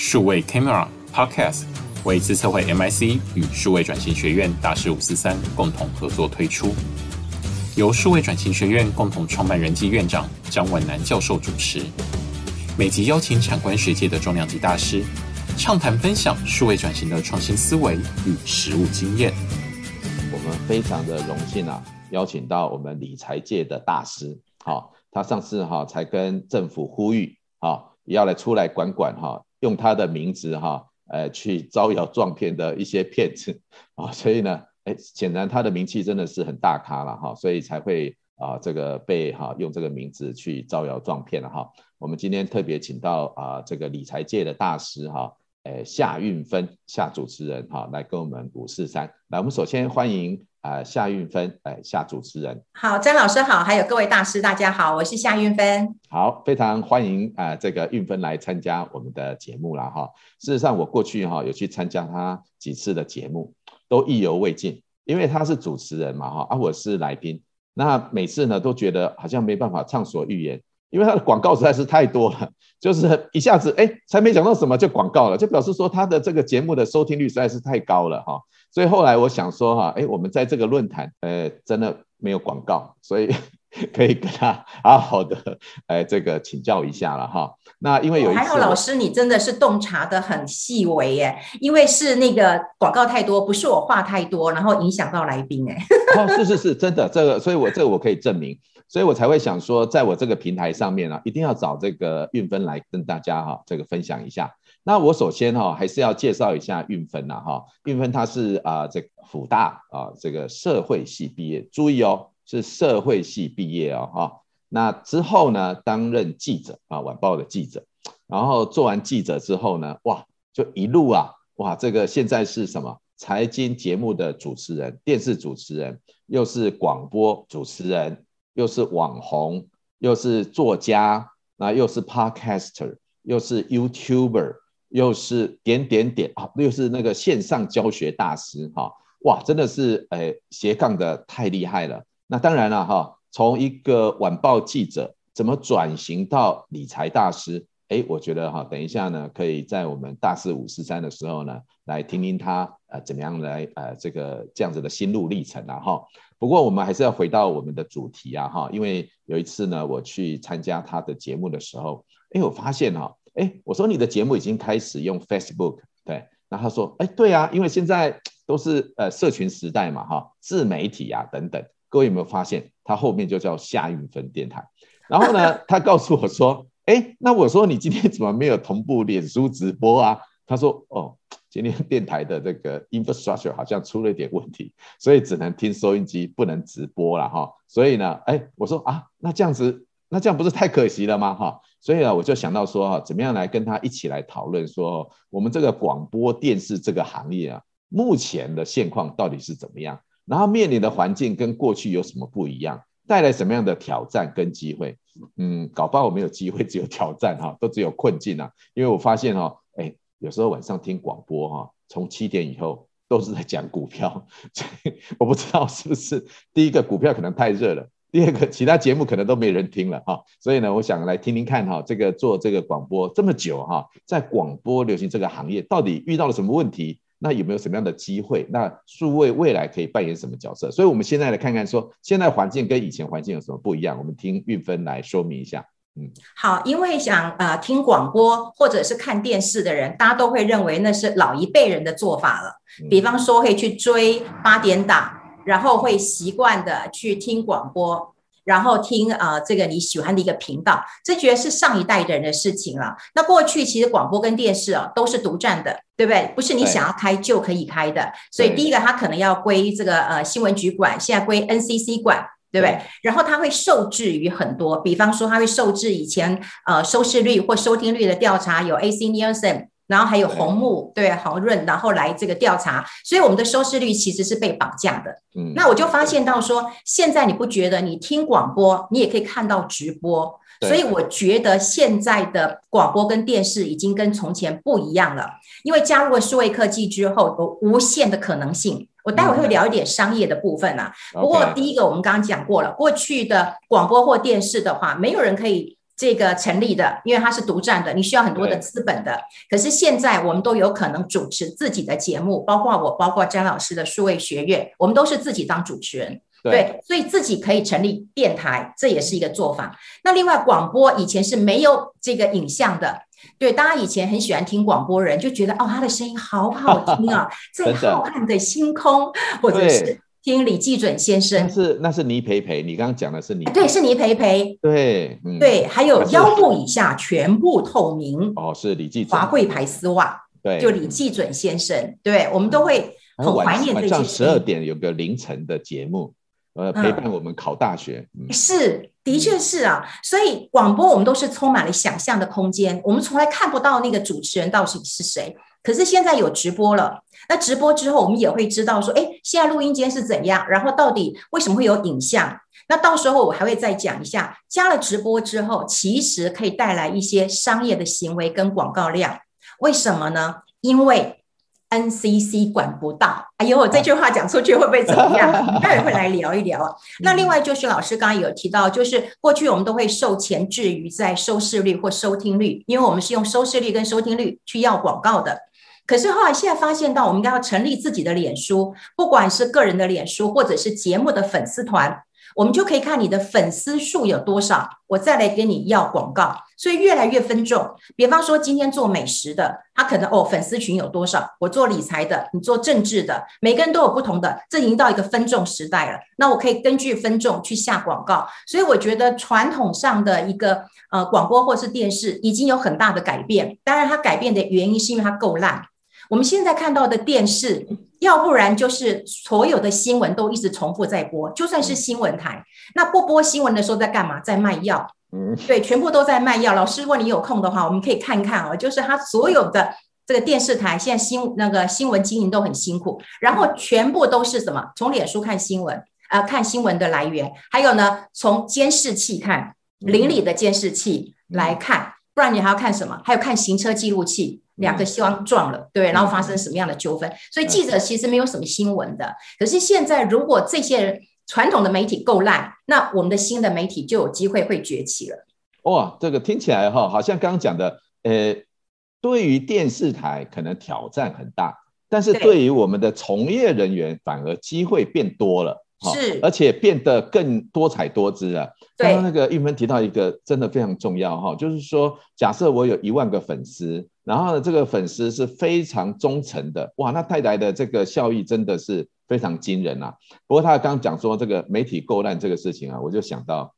數位 Camera Podcast 為資策會 MIC 與數位轉型學院大師五四三共同合作推出，由數位轉型學院共同創辦人暨院長詹文男教授主持，每集邀請產官學界的重量級大師，暢談分享數位轉型的創新思維與實務經驗。我們非常的榮幸啊，邀請到我們理財界的大師，哦、他上次哈、哦、才跟政府呼籲、哦，要來出來管管哈、哦。用他的名字哈，呃，去招搖撞騙的一些騙子啊，所以呢，哎，顯然他的名氣真的是很大咖了哈，所以才會啊，這個被哈用這個名字去招搖撞騙了哈。我們今天特別請到啊，這個理財界的大師哈，哎，夏韻芬，夏主持人哈，來跟我們五四三來，我們首先歡迎。啊，呃、夏韻芬，哎，夏主持人，好，詹老師好，還有各位大師，大家好，我是夏韻芬，好，非常歡迎啊，這個韻芬來參加我們的節目了哈。事實上，我過去哈有去參加他幾次的節目，都意猶未盡，因為他是主持人嘛哈、啊，我是來賓，那每次呢都覺得好像沒辦法暢所欲言，因為他的廣告實在是太多了，就是一下子哎、欸、才沒講到什麼就廣告了，就表示說他的這個節目的收聽率實在是太高了哈。所以後來我想說哈、啊，哎，我們在這個論壇，呃，真的沒有廣告，所以可以跟他好好的，呃，這個請教一下了哈。那因為有、哦、還好老師你真的是洞察得很細微耶，因為是那個廣告太多，不是我話太多，然後影響到來賓哎。 哦，是是是，真的這個，所以我這個我可以證明，所以我才會想說，在我這個平台上面啊，一定要找這個韻芬來跟大家哈、啊，這個分享一下。那我首先哈、哦、還是要介紹一下韻芬吶、啊、哈，韻芬他是啊、呃、這個、輔大啊這個社會系畢業，注意哦是社會系畢業哦。哈。那之後呢，擔任記者啊晚報的記者，然後做完記者之後呢，哇就一路啊哇這個現在是什麼財經節目的主持人，電視主持人，又是廣播主持人，又是網紅，又是作家，那、啊、又是 Podcaster，又是 YouTuber。又是點點點啊，又是那個線上教學大師哈，哇，真的是，欸，斜槓的太厲害了。那當然了哈，從一個晚報記者怎麼轉型到理財大師，欸，我覺得哈，等一下呢，可以在我們大四五四三的時候呢，來聽聽他、呃、怎麼樣來呃這個這樣子的心路歷程啊哈。不過我們還是要回到我們的主題啊哈，因為有一次呢，我去參加他的節目的時候，哎、欸，我發現哈。哎，我說你的節目已經開始用 Facebook 對，然後他說，哎，對啊，因為現在都是呃社群時代嘛哈、哦，自媒體啊等等，各位有沒有發現？他後面就叫夏韻芬電台。然後呢，他告訴我說，哎， 那我說你今天怎麼沒有同步臉書直播啊？他說，哦，今天電台的這個 infrastructure 好像出了一點問題，所以只能聽收音機，不能直播了哈、哦。所以呢，哎，我說啊，那這樣子，那這樣不是太可惜了嗎？哈、哦。所以啊，我就想到說，哈，怎麼樣來跟他一起來討論說，我們這個廣播電視這個行業啊，目前的現況到底是怎麼樣？然後面臨的環境跟過去有什麼不一樣？帶來什麼樣的挑戰跟機會？嗯，搞不好我沒有機會，只有挑戰，哈，都只有困境啊。因為我發現哦，哎，有時候晚上聽廣播，哈，從七點以後都是在講股票，所以我不知道是不是第一個股票可能太熱了。第二個，其他節目可能都沒人聽了哈、啊，所以呢，我想來聽聽看哈、啊，這個做這個廣播這麼久哈、啊，在廣播流行這個行業，到底遇到了什麼問題？那有沒有什麼樣的機會？那數位未來可以扮演什麼角色？所以我們現在來看看，說現在環境跟以前環境有什麼不一樣？我們聽韻芬來說明一下。嗯，好，因為想呃聽廣播或者是看電視的人，大家都會認為那是老一輩人的做法了。比方說，可以去追八點檔。然後會習慣的去聽廣播，然後聽啊、呃、這個你喜歡的一個頻道，這絕對是上一代的人的事情了、啊。那過去其實廣播跟電視啊，都是獨佔的，對不對？不是你想要開就可以開的。對所以第一個它可能要歸這個呃新聞局管，現在歸 NCC 管，對不對？對，然後它會受制於很多，比方說它會受制以前呃收視率或收聽率的調查，有 AC Nielsen。然後還有紅木 Okay. 對豪潤，然後來這個調查，所以我們的收視率其實是被綁架的。嗯，那我就發現到說，對現在你不覺得你聽廣播，你也可以看到直播，對所以我覺得現在的廣播跟電視已經跟從前不一樣了，因為加入了數位科技之後，有無限的可能性。我待會會聊一點商業的部分啊，Okay. 不過第一個我們剛剛講過了，過去的廣播或電視的話，沒有人可以。這個成立的，因為它是獨占的，你需要很多的資本的。對可是現在我們都有可能主持自己的節目，包括我，包括詹老師的數位學院，我們都是自己當主持人。對，對，所以自己可以成立電台，這也是一個做法。嗯、那另外廣播以前是沒有這個影像的，對，大家以前很喜歡聽廣播人，人就覺得哦，他的聲音好好聽啊， 在浩瀚的星空或者 對是。聽李季準先生是，那是倪培培。你剛剛講的是倪，啊、對，是倪培培，對，嗯、對，還有腰部以下全部透明哦，是李季準。華貴牌絲襪，對，就李季準先生，對，嗯、我們都會很懷念晚這些事晚上十二點有一個凌晨的節目，呃、嗯，陪伴我們考大學，嗯、是，的確是啊，所以廣播我們都是充滿了想象的空間，我們從來看不到那個主持人到底是誰。可是現在有直播了，那直播之後，我們也會知道說，哎，現在錄音間是怎樣？然後到底為什麼會有影像？那到時候我還會再講一下，加了直播之後，其實可以帶來一些商業的行為跟廣告量。為什麼呢？因為 NCC 管不到。哎呦，這句話講出去會不會怎麼樣？待會會來聊一聊啊。那另外就是老師剛剛有提到，就是過去我們都會受前置於在收視率或收聽率，因為我們是用收視率跟收聽率去要廣告的。可是後來現在發現到，我們應該要成立自己的臉書，不管是個人的臉書，或者是節目的粉絲團，我們就可以看你的粉絲數有多少，我再來跟你要廣告。所以越來越分眾。比方說，今天做美食的，他可能哦粉絲群有多少？我做理財的，你做政治的，每個人都有不同的。這已經到一個分眾時代了。那我可以根據分眾去下廣告。所以我覺得傳統上的一個呃廣播或是電視已經有很大的改變。當然，它改變的原因是因為它夠爛。我們現在看到的電視，要不然就是所有的新聞都一直重複在播，就算是新聞台，那不播，播新聞的時候在幹嘛？在賣藥。嗯，對，全部都在賣藥。老師，如果你有空的話，我們可以看看哦，就是他所有的這個電視台現在新那個新聞經營都很辛苦，然後全部都是什麼？從臉書看新聞，呃，看新聞的來源，還有呢，從監視器看，鄰里的監視器來看，不然你還要看什麼？還有看行車記錄器。兩個希望撞了，對，然後發生什麼樣的糾紛？所以記者其實沒有什麼新聞的。可是現在，如果這些人傳統的媒體夠爛，那我們的新的媒體就有機會會崛起了。哇，這個聽起來哈，好像剛剛講的，呃，對於電視台可能挑戰很大，但是對於我們的從業人員反而機會變多了。是，而且變得更多彩多姿了。剛剛那個韻芬提到一個真的非常重要哈，就是說，假設我有一萬個粉絲，然後呢，這個粉絲是非常忠誠的，哇，那帶來的這個效益真的是非常驚人啊。不過他剛講說這個媒體勾爛這個事情啊，我就想到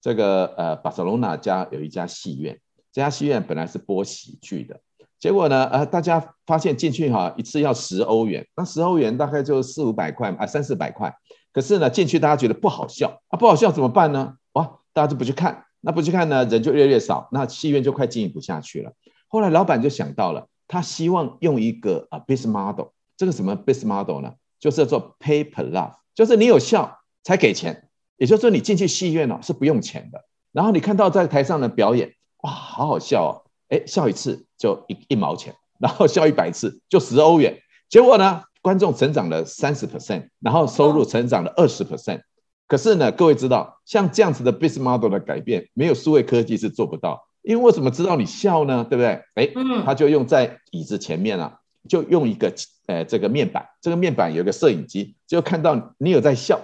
這個呃巴塞羅那家有一家戲院，這家戲院本來是播喜劇的。結果呢？呃，大家發現進去哈，一次要十歐元，那十歐元大概就四五百塊啊、呃、三四百塊。可是呢，進去大家覺得不好笑啊，不好笑怎麼辦呢？哇，大家就不去看，那不去看呢，人就越來越少，那戲院就快經營不下去了。後來老板就想到了，他希望用一個啊、呃、，base model，這個什麼 base model 呢？就是叫做 pay per laugh 就是你有笑才給錢，也就是說你進去戲院呢、哦、是不用錢的，然後你看到在台上的表演，哇，好好笑哦。哎，笑一次就一一毛錢，然後笑一百次就十歐元。結果呢，觀眾成長了三十 percent，然後收入成長了二十 percent。可是呢，各位知道，像這樣子的 business model 的改變，沒有數位科技是做不到。因為我怎麼知道你笑呢？對不對？哎，他就用在椅子前面了，啊，就用一個呃這個面板，這個面板有一個攝影機，就看到你有在笑，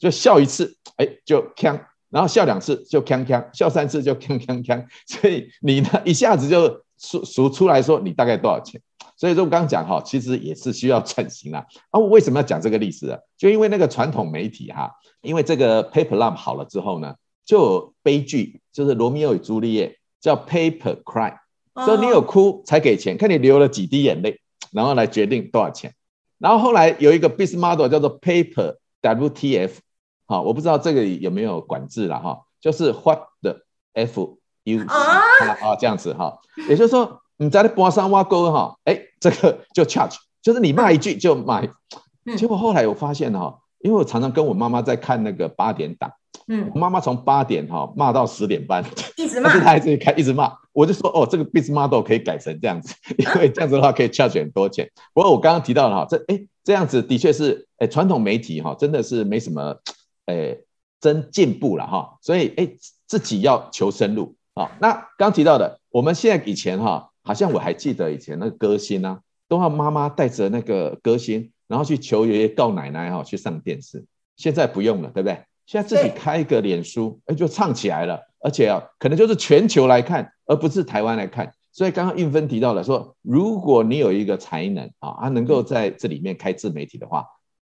就笑一次，哎，就鏘。然後笑兩次就鏘鏘，笑三次就鏘鏘鏘，所以你呢一下子就數數出來說你大概多少錢？所以說我剛講哈，其實也是需要轉型了。啊，啊，為什麼要講這個例子，啊，就因為那個傳統媒體哈，啊，因為這個 paper lamp 好了之後呢，就有悲劇，就是羅密歐與朱麗葉叫 paper cry，、oh、所以你有哭才給錢，看你流了幾滴眼淚，然後來決定多少錢。然後後來有一個 business model 叫做 paper WTF。好、哦，我不知道這個有沒有管制了，哈、哦，就是 what the f u、C、a, 啊，這樣子哈、哦，也就是說你在那邊上挖溝哈，哎、哦欸，這個就 charge，就是你罵一句就罵，嗯、結果後來我發現哈、哦，因為我常常跟我媽媽在看那個八點檔，嗯，我媽媽從八點哈罵、哦、到十點半，嗯、一直罵，一直一直罵，我就說哦，這個 biz model 可以改成這樣子，因為這樣子的話可以 charge 很多錢。啊、不過我剛剛提到了哈、哦，這、欸、這樣子的確是傳、欸、統媒體哈、哦、真的是沒什麼。哎，真進、欸、步了哈，所以哎、欸，自己要求深入啊。那剛提到的，我們現在以前哈，好像我還記得以前那個歌星啊，都要媽媽帶着那個歌星，然後去求爺爺告奶奶哈，去上電視。現在不用了，對不對？現在自己開一個臉書，哎、欸，就唱起來了。而且啊，可能就是全球來看，而不是台灣來看。所以剛剛韻芬提到了說，如果你有一個才能啊，他能夠在這裡面開自媒體的話。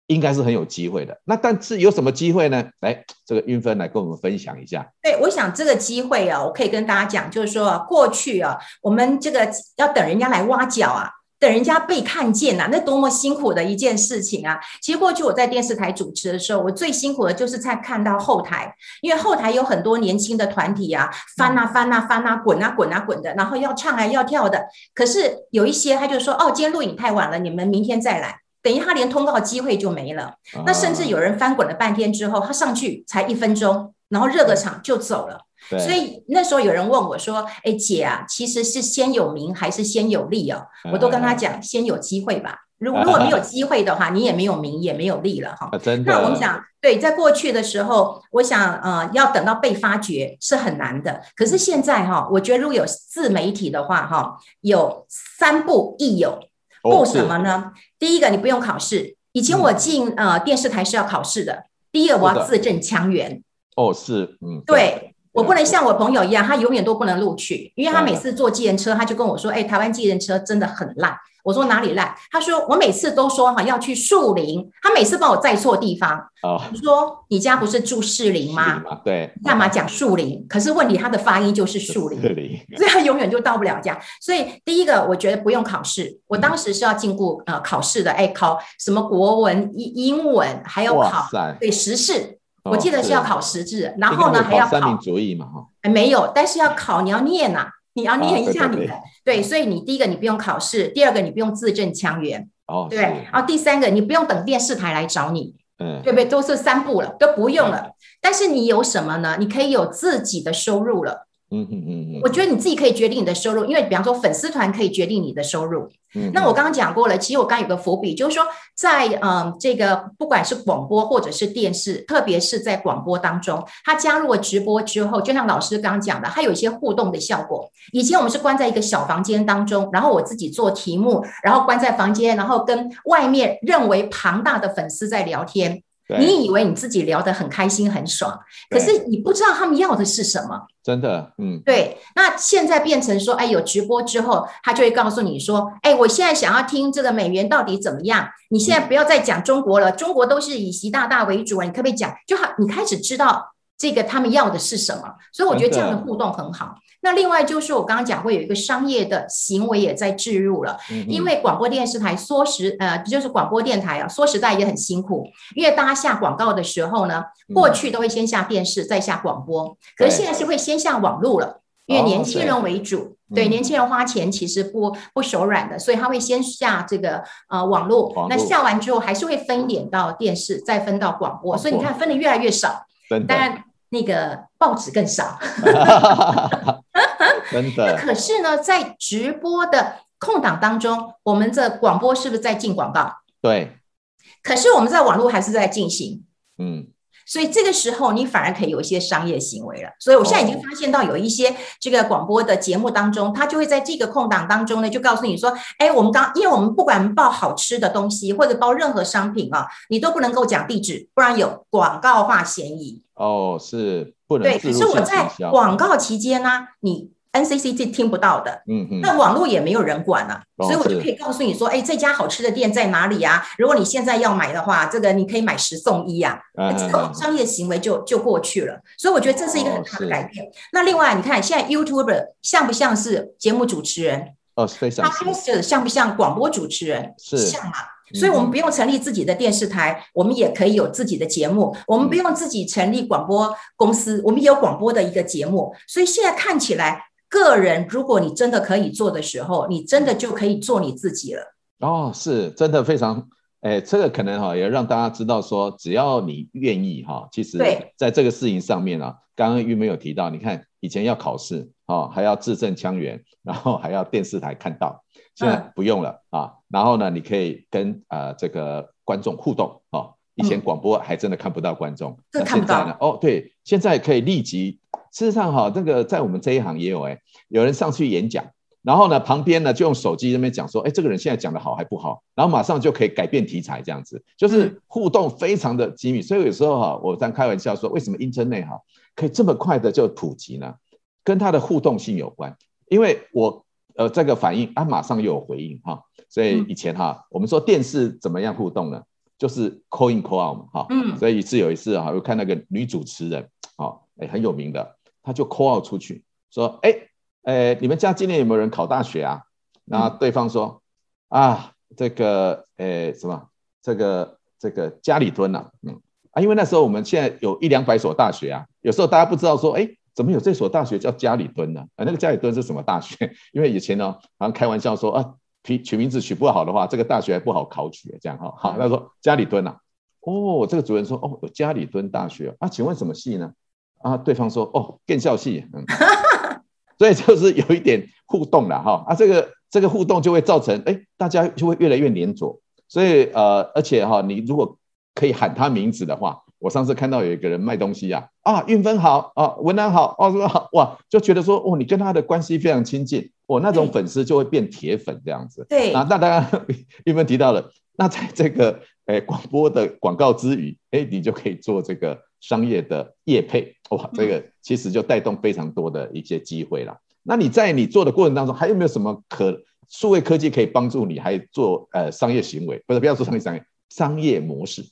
應該是很有機會的，那但是有什麼機會呢？來，這個韻芬來跟我們分享一下。對，我想這個機會啊，我可以跟大家講，就是說過去啊，我們這個要等人家來挖角啊，等人家被看見吶、啊，那多麼辛苦的一件事情啊！其實過去我在電視台主持的時候，我最辛苦的就是在看到後台，因為後台有很多年輕的團體啊，翻啊翻啊翻啊，滾啊滾啊滾、啊啊、的，然後要唱啊要跳的，可是有一些他就說哦，今天錄影太晚了，你們明天再來。等於他連通告機會就沒了。那甚至有人翻滾了半天之後，他上去才一分鐘，然後熱個場就走了。對所以那時候有人問我說：“哎，姐啊，其實是先有名還是先有利、哦、啊？”我都跟他講：“先有機會吧。如如果沒有機會的話，啊、你也沒有名，也沒有利了哈、哦。啊”那我們講，對，在過去的時候，我想，呃，要等到被發掘是很難的。可是現在哈、哦，我覺得如果有自媒體的話，哈、哦，有三步：一有。不、oh, 什麼呢？是第一個，你不用考試。以前我進、嗯、呃電視台是要考試的。第一個我自證，我要字正腔圓。哦、oh,，是，嗯，對。對我不能像我朋友一樣，他永遠都不能錄取，因為他每次坐計程車，嗯、他就跟我說：“哎、欸，台灣計程車真的很爛。”我說：“哪裡爛？”他說：“我每次都說哈要去樹林，他每次幫我載錯地方。”哦，你說你家不是住士林嗎？嗎對，幹嘛講樹林？嗯、可是問題他的發音就是樹林，所以他永遠就到不了家。所以第一個，我覺得不用考試。我當時是要兼顧呃考試的，哎、欸，考什麼國文、英英文，還要考塞對時事。我記得是要考實質，哦、然後呢，還要考三民主義嘛，還沒有，但是要考，你要念吶、啊，你要念一下你的，哦、對，對，所以你第一個你不用考試，第二個你不用字正腔圓，哦，對，然後第三個你不用等電視台來找你，嗯，對不對？都是三步了，都不用了，嗯、但是你有什麼呢？你可以有自己的收入了。嗯嗯嗯我覺得你自己可以決定你的收入，因為比方說粉絲團可以決定你的收入。 那我剛剛講過了，其實我剛有個伏筆，就是說在嗯、呃、這個不管是廣播或者是電視，特別是在廣播當中，他加入了直播之後，就像老師剛剛講的，它有一些互動的效果。以前我們是關在一個小房間當中，然後我自己做題目，然後關在房間，然後跟外面認為龐大的粉絲在聊天。對你以為你自己聊得很開心很爽，對可是你不知道他們要的是什麼。真的，嗯，對。那現在變成說，哎，有直播之後，他就會告訴你說，哎，我現在想要聽這個美元到底怎麼樣。你現在不要再講中國了，嗯、中國都是以習大大為主啊，你可不可以講？就好，你開始知道。這個他們要的是什麼？所以我覺得這樣的互動很好。的那另外就是我剛剛講過，有一個商業的行為也在置入了，嗯、哼因為廣播電視台說實呃，就是廣播電台啊，說實在也很辛苦。因為大家下廣告的時候呢，過去都會先下電視，嗯、再下廣播，可是現在是會先下網絡了，對因為年輕人為主，oh, okay 對年輕人花錢其實不不手軟的，所以他會先下這個呃網絡，網絡那下完之後還是會分一點到電視，再分到廣播，絡所以你看分的越來越少，的那個報紙更少， 真的 那可是呢，在直播的空檔當中，我們的廣播是不是在進廣告？對。可是我們在網絡還是在進行。嗯。所以這個時候，你反而可以有一些商業行為了。所以我現在已經發現到有一些這個廣播的節目當中，他就會在這個空檔當中呢，就告訴你說：“哎，我們剛因為我們不管報好吃的東西，或者報任何商品啊，你都不能夠講地址，不然有廣告化嫌疑。”哦，是不能對，可是我在廣告期間呢、啊，你 NCC 這聽不到的，那、嗯嗯、網絡也沒有人管了、啊，哦、所以我就可以告訴你說，哎，這家好吃的店在哪裡啊？如果你現在要買的話，這個你可以買十送一呀、啊，嗯、這個商業行為就就過去了。所以我覺得這是一個很大的改變。哦、那另外，你看現在 YouTuber 像不像是節目主持人？哦，非常，他開始像不像廣播主持人？是像嗎、啊？所以我們不用成立自己的電視台，我們也可以有自己的節目。我們不用自己成立廣播公司，我們也有廣播的一個節目。所以現在看起來，個人如果你真的可以做的時候，你真的就可以做你自己了。哦，是真的非常哎，這個可能哈也讓大家知道說，只要你願意哈，其實在這個事情上面啊，對剛剛玉梅有提到，你看以前要考試。哦，還要字正腔圓，然後還要電視台看到。現在不用了、嗯、啊。然後呢，你可以跟啊、呃、這個觀眾互動。哦，以前廣播還真的看不到觀眾，看不到。那現在呢？哦，對，現在可以立即。事實上、啊，哈，這個在我們這一行也有哎、欸，有人上去演講，然後呢，旁邊呢就用手機那邊講說，哎、欸，這個人現在講得好還不好？然後馬上就可以改變題材，這樣子就是互動非常的緊密。嗯、所以有時候哈、啊，我在開玩笑說，為什麼 Internet 可以這麼快的就普及呢？跟他的互動性有關，因為我呃這個反應啊，馬上又有回應哈，所以以前哈我們說電視怎麼樣互動呢？就是 call in call out 嘛哈，所以一次有一次我看那個女主持人很有名的，她就 call out 出去說、欸，哎，你們家今年有沒有人考大學啊？然後對方說啊這個、欸、什麼這個這個家裡蹲吶，嗯啊，因為那時候我們現在有一兩百所大學啊，有時候大家不知道說哎、欸。怎麼有這所大學叫家裡蹲呢、啊？啊、呃，那個家裡蹲是什麼大學？因為以前呢、哦，好像開玩笑說啊，取名字取不好的話，這個大學還不好考取、啊、這樣哈、哦。好、啊，他說家裡蹲吶、啊，哦，這個主人說哦，有家裡蹲大學、哦、啊，請問什麼系呢？啊，對方說哦，電校系、嗯，所以就是有一點互動了哈。啊，這個這個互動就會造成哎，大家就會越來越黏著。所以呃，而且哈、哦，你如果可以喊他名字的話。我上次看到有一個人賣東西啊，啊，韻芬好啊，文男好，啊，文男好，哇，就覺得說，哦，你跟他的關係非常親近、哦，我那種粉絲就會變鐵粉這樣子、啊。對那剛剛，韻芬提到了，那在這個誒廣播的廣告之餘、哎，你就可以做這個商業的業配，哇，這個其實就帶動非常多的一些機會了。那你在你做的過程當中，還有沒有什麼可數位科技可以幫助你，還做呃商業行為？不是，不要說商業行為。商業模式，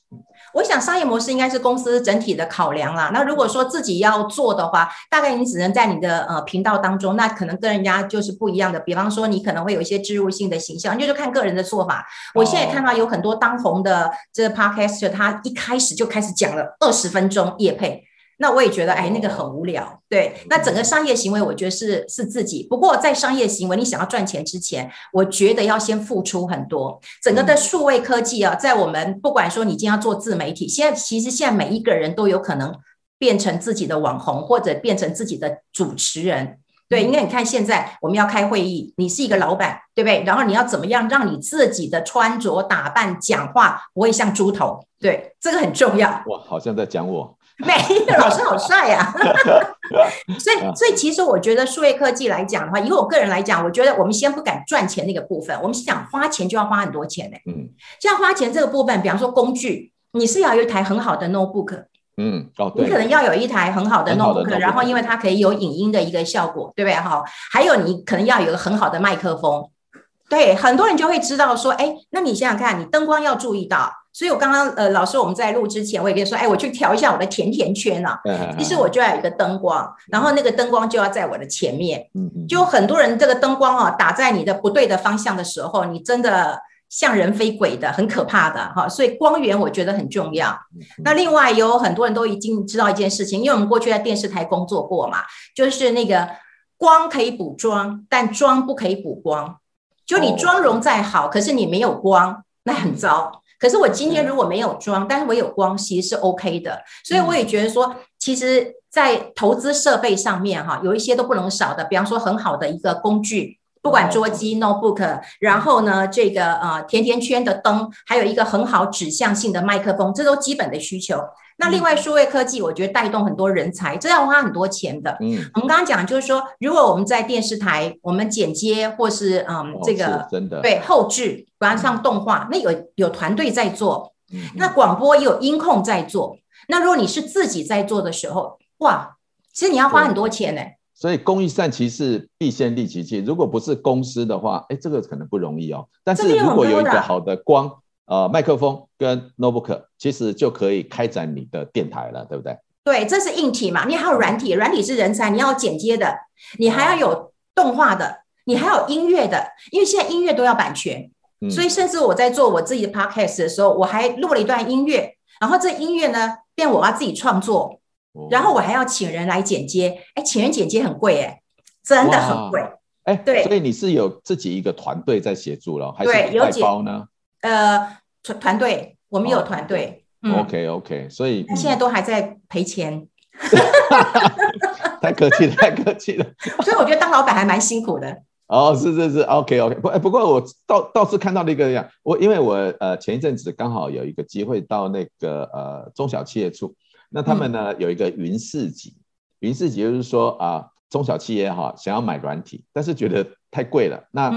我想商業模式應該是公司整體的考量啦。那如果說自己要做的話，大概你只能在你的呃頻道當中，那可能跟人家就是不一樣的。比方說，你可能會有一些置入性的形象，你就是看個人的做法。我現在看到有很多當紅的這 podcaster，他一開始就開始講了二十分鐘業配。那我也覺得，哎，那個很無聊。對，那整個商業行為，我覺得是是自己。不過在商業行為，你想要賺錢之前，我覺得要先付出很多。整個的數位科技啊，在我們不管說你今天要做自媒體，現在其實現在每一個人都有可能變成自己的網紅，或者變成自己的主持人。對，因為你看現在我們要開會議，你是一個老闆，對不對？然後你要怎麼樣讓你自己的穿着打扮、講話不會像豬頭？對，這個很重要。哇，好像在講我。沒有老師好帥呀、啊！ 所以，所以其實我覺得，數位科技來講的話，以我個人來講，我覺得我們先不敢賺錢那個部分，我們是想花錢就要花很多錢呢、欸。嗯，像花錢這個部分，比方說工具，你是要有一台很好的 notebook，嗯，哦、你可能要有一台很好的 notebook，note 然後因為它可以有影音的一個效果，對不對？哈、哦，還有你可能要有一個很好的麥克風，對，很多人就會知道說，哎，那你想想看你燈光要注意到。所以，我剛剛呃，老師，我們在錄之前，我也跟你說，哎，我去調一下我的甜甜圈啊。其實我就要有一個燈光，然後那個燈光就要在我的前面。就很多人這個燈光啊，打在你的不對的方向的時候，你真的像人非鬼的，很可怕的哈、啊。所以光源我覺得很重要。那另外有很多人都已經知道一件事情，因為我們過去在電視台工作過嘛，就是那個光可以補妝，但妝不可以補光。就你妝容再好，哦、可是你沒有光，那很糟。可是我今天如果沒有裝，嗯、但是我有光，其實是 OK 的，所以我也覺得說，嗯、其實，在投資設備上面哈、啊，有一些都不能少的，比方說很好的一個工具。 不管桌機、嗯、notebook，然後呢，這個呃甜甜圈的燈，還有一個很好指向性的麥克風，這都基本的需求。那另外數位科技，我覺得帶動很多人才，嗯、這要花很多錢的。嗯，我們剛剛講就是說，如果我們在電視台，我們剪接或是嗯、哦、是這個的對後製加上動畫，那有有團隊在做，嗯、那廣播也有音控在做。那如果你是自己在做的時候，哇，其實你要花很多錢呢、欸。所以，工欲善其事，必先利其器。如果不是公司的話，哎，這個可能不容易哦。但是如果有一個好的光有有的、啊、呃，麥克風跟 notebook，其實就可以開展你的電台了，對不對？對，這是硬體嘛。你還有軟體，軟體是人才。你要剪接的，你還要有動畫的，你還有音樂的。因為現在音樂都要版權，所以甚至我在做我自己的 podcast 的時候，我還錄了一段音樂。然後這音樂呢，變我要自己創作。然後我還要請人來剪接，哎，請人剪接很貴哎、欸，真的很貴哎，欸、對，所以你是有自己一個團隊在協助了，對還是外包呢？呃，團團隊，我們有團隊。哦嗯、OK OK，所以現在都還在賠錢，嗯、太客氣了太客氣了。所以我覺得當老闆還蠻辛苦的。哦，是是是，OK OK，不，欸、不過我倒倒是看到那個樣，我因為我呃前一陣子剛好有一個機會到那個呃中小企業處。那他們呢、嗯、有一個雲市集。雲市集就是說啊、呃，中小企業哈想要買軟體，但是覺得太貴了。那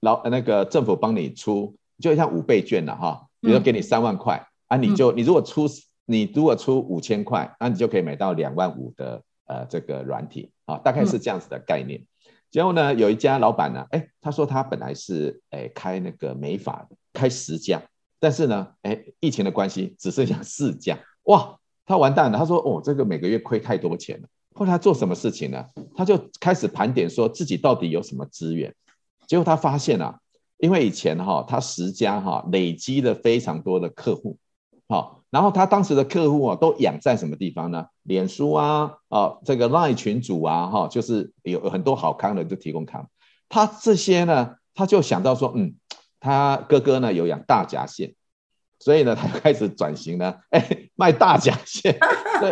老、嗯、那個政府幫你出，就像五倍券了、啊、哈，比如說給你三萬塊、嗯、啊，你就你如果出你如果出五千塊，那、啊、你就可以買到兩萬五的呃這個軟體啊，大概是這樣子的概念。嗯、結果呢，有一家老板呢、啊、哎、欸，他說他本來是哎、欸、開那個美髮的開十家，但是呢，哎、欸、疫情的關係只剩下四家，哇！他完蛋了，他說：“哦，這個每個月虧太多錢了。”後來他做什麼事情呢？他就開始盤點，說自己到底有什麼資源。結果他發現啊，因為以前哈、哦，他十家哈、啊、累積了非常多的客戶，好、哦，然後他當時的客戶啊都養在什麼地方呢？臉書啊，啊，這個 Line 群組啊，哈、哦，就是有很多好康的就提供康。他這些呢，他就想到說，嗯，他哥哥呢有養大閘蟹。所以呢，他就開始轉型呢，哎，賣大閘蟹，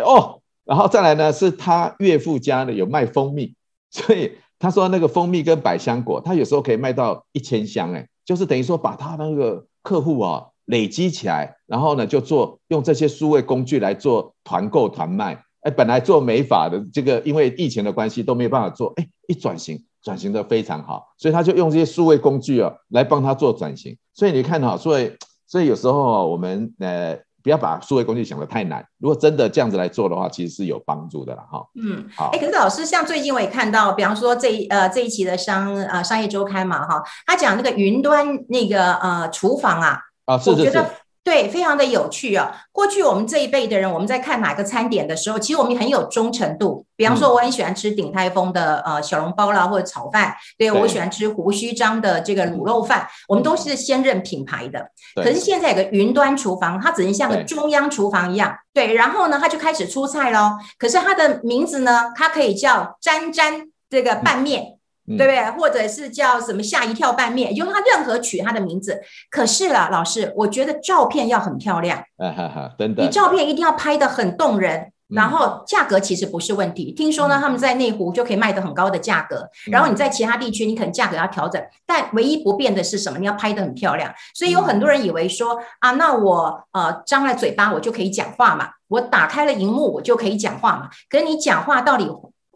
哦，然後再來呢，是他岳父家的有賣蜂蜜，所以他說那個蜂蜜跟百香果，他有時候可以賣到一千箱，哎，就是等於說把他那個客戶啊累積起來，然後呢就做用這些數位工具來做團購團賣，哎，本來做美髮的這個因為疫情的關係都沒有辦法做，哎，一轉型轉型的非常好，所以他就用這些數位工具啊來幫他做轉型，所以你看哈，所以。所以有時候我們呃不要把數位工具想得太難，如果真的這樣子來做的話，其實是有幫助的啦。哈、哦。嗯，好，哎，可是老師，像最近我也看到，比方說這一呃這一期的商呃商業週刊嘛哈、哦，他講那個雲端那個呃廚房啊啊，我覺得，是是是對，非常的有趣哦。過去我們這一輩的人，我們在看哪個餐點的時候，其實我們很有忠誠度。比方說，我很喜歡吃鼎泰豐的、嗯、呃小籠包啦，或者炒飯。對，對我喜歡吃胡鬚張的這個滷肉飯，嗯、我們都是先認品牌的。嗯、可是現在有個雲端廚房，它只能像個中央廚房一樣，對，對。然後呢，它就開始出菜嘍。可是它的名字呢，它可以叫沾沾這個拌麵。嗯對不對？嗯、或者是叫什麼嚇一跳拌麵，就是、他任何取他的名字。可是了老師，我覺得照片要很漂亮。啊哈哈，等等。你照片一定要拍得很動人，嗯、然後價格其實不是問題。聽說呢，他們在內湖就可以賣得很高的價格。嗯、然後你在其他地區，你可能價格要調整。嗯、但唯一不變的是什麼？你要拍得很漂亮。所以有很多人以為說、嗯、啊，那我呃張了嘴巴我就可以講話嘛，我打開了熒幕我就可以講話嘛。可是你講話到底？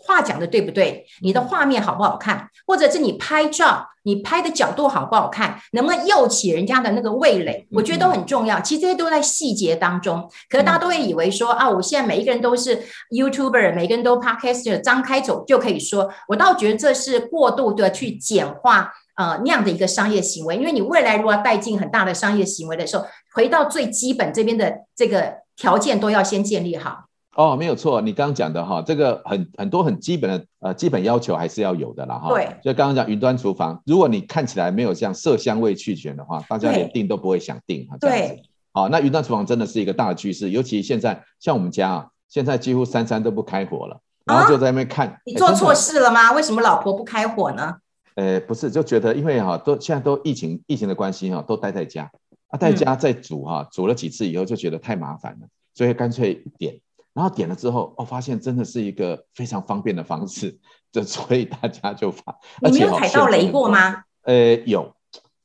話講的對不對？你的畫面好不好看？或者是你拍照，你拍的角度好不好看？能不能誘起人家的那個味蕾？我覺得都很重要。其實這些都在細節當中。可是大家都會以為說、嗯、啊，我現在每一個人都是 Youtuber，每個人都 Podcaster，張開嘴就可以說。我倒覺得這是過度的去簡化呃那樣的一個商業行為。因為你未來如果要帶進很大的商業行為的時候，回到最基本這邊的這個條件都要先建立好。哦，沒有錯，你剛剛講的哈，這個很很多很基本的呃基本要求還是要有的啦哈。對。就剛剛講雲端廚房，如果你看起來沒有像色香味俱全的話，大家連訂都不會想訂。哈。對。好對、哦，那雲端廚房真的是一個大趨勢，尤其現在像我們家啊，現在幾乎三餐都不開火了，然後就在那邊看。啊、誒你做錯事了嗎？為什麼老婆不開火呢？呃，不是，就覺得因為哈、啊、都現在都疫情疫情的關係哈、啊，都待在家啊，待家在煮哈、啊，嗯、煮了幾次以後就覺得太麻煩了，所以乾脆一點。然後點了之後，我、哦、發現真的是一個非常方便的方式，就所以大家就發。你沒有踩到雷過嗎？呃，有，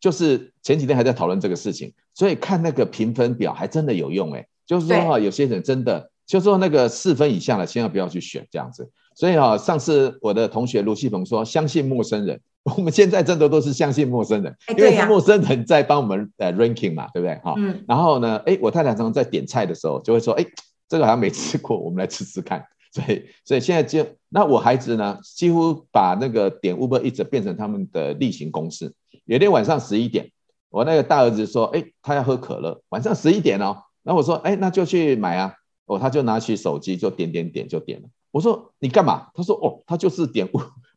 就是前幾天還在討論這個事情，所以看那個評分表還真的有用哎。就是說哈、啊，有些人真的，對就是說那個四分以下的，千萬不要去選這樣子。所以哈、啊，上次我的同學盧希鵬說，相信陌生人，我們現在真的都是相信陌生人，哎對啊、因為陌生人在幫我們呃 ranking 嘛，對不對哈？哦嗯、然後呢，哎，我太太常常在點菜的時候就會說，哎。這個好像沒吃過，我們來吃吃看。所以，所以現在就，那我孩子呢，幾乎把那個點 Uber Eats 變成他們的例行公事。有天晚上十一點，我那個大兒子說：“哎，他要喝可樂。”晚上十一點哦，那我說：“哎，那就去買啊。”哦，他就拿起手機就點點點就點了。我說：“你幹嘛？”他說：“哦，他就是點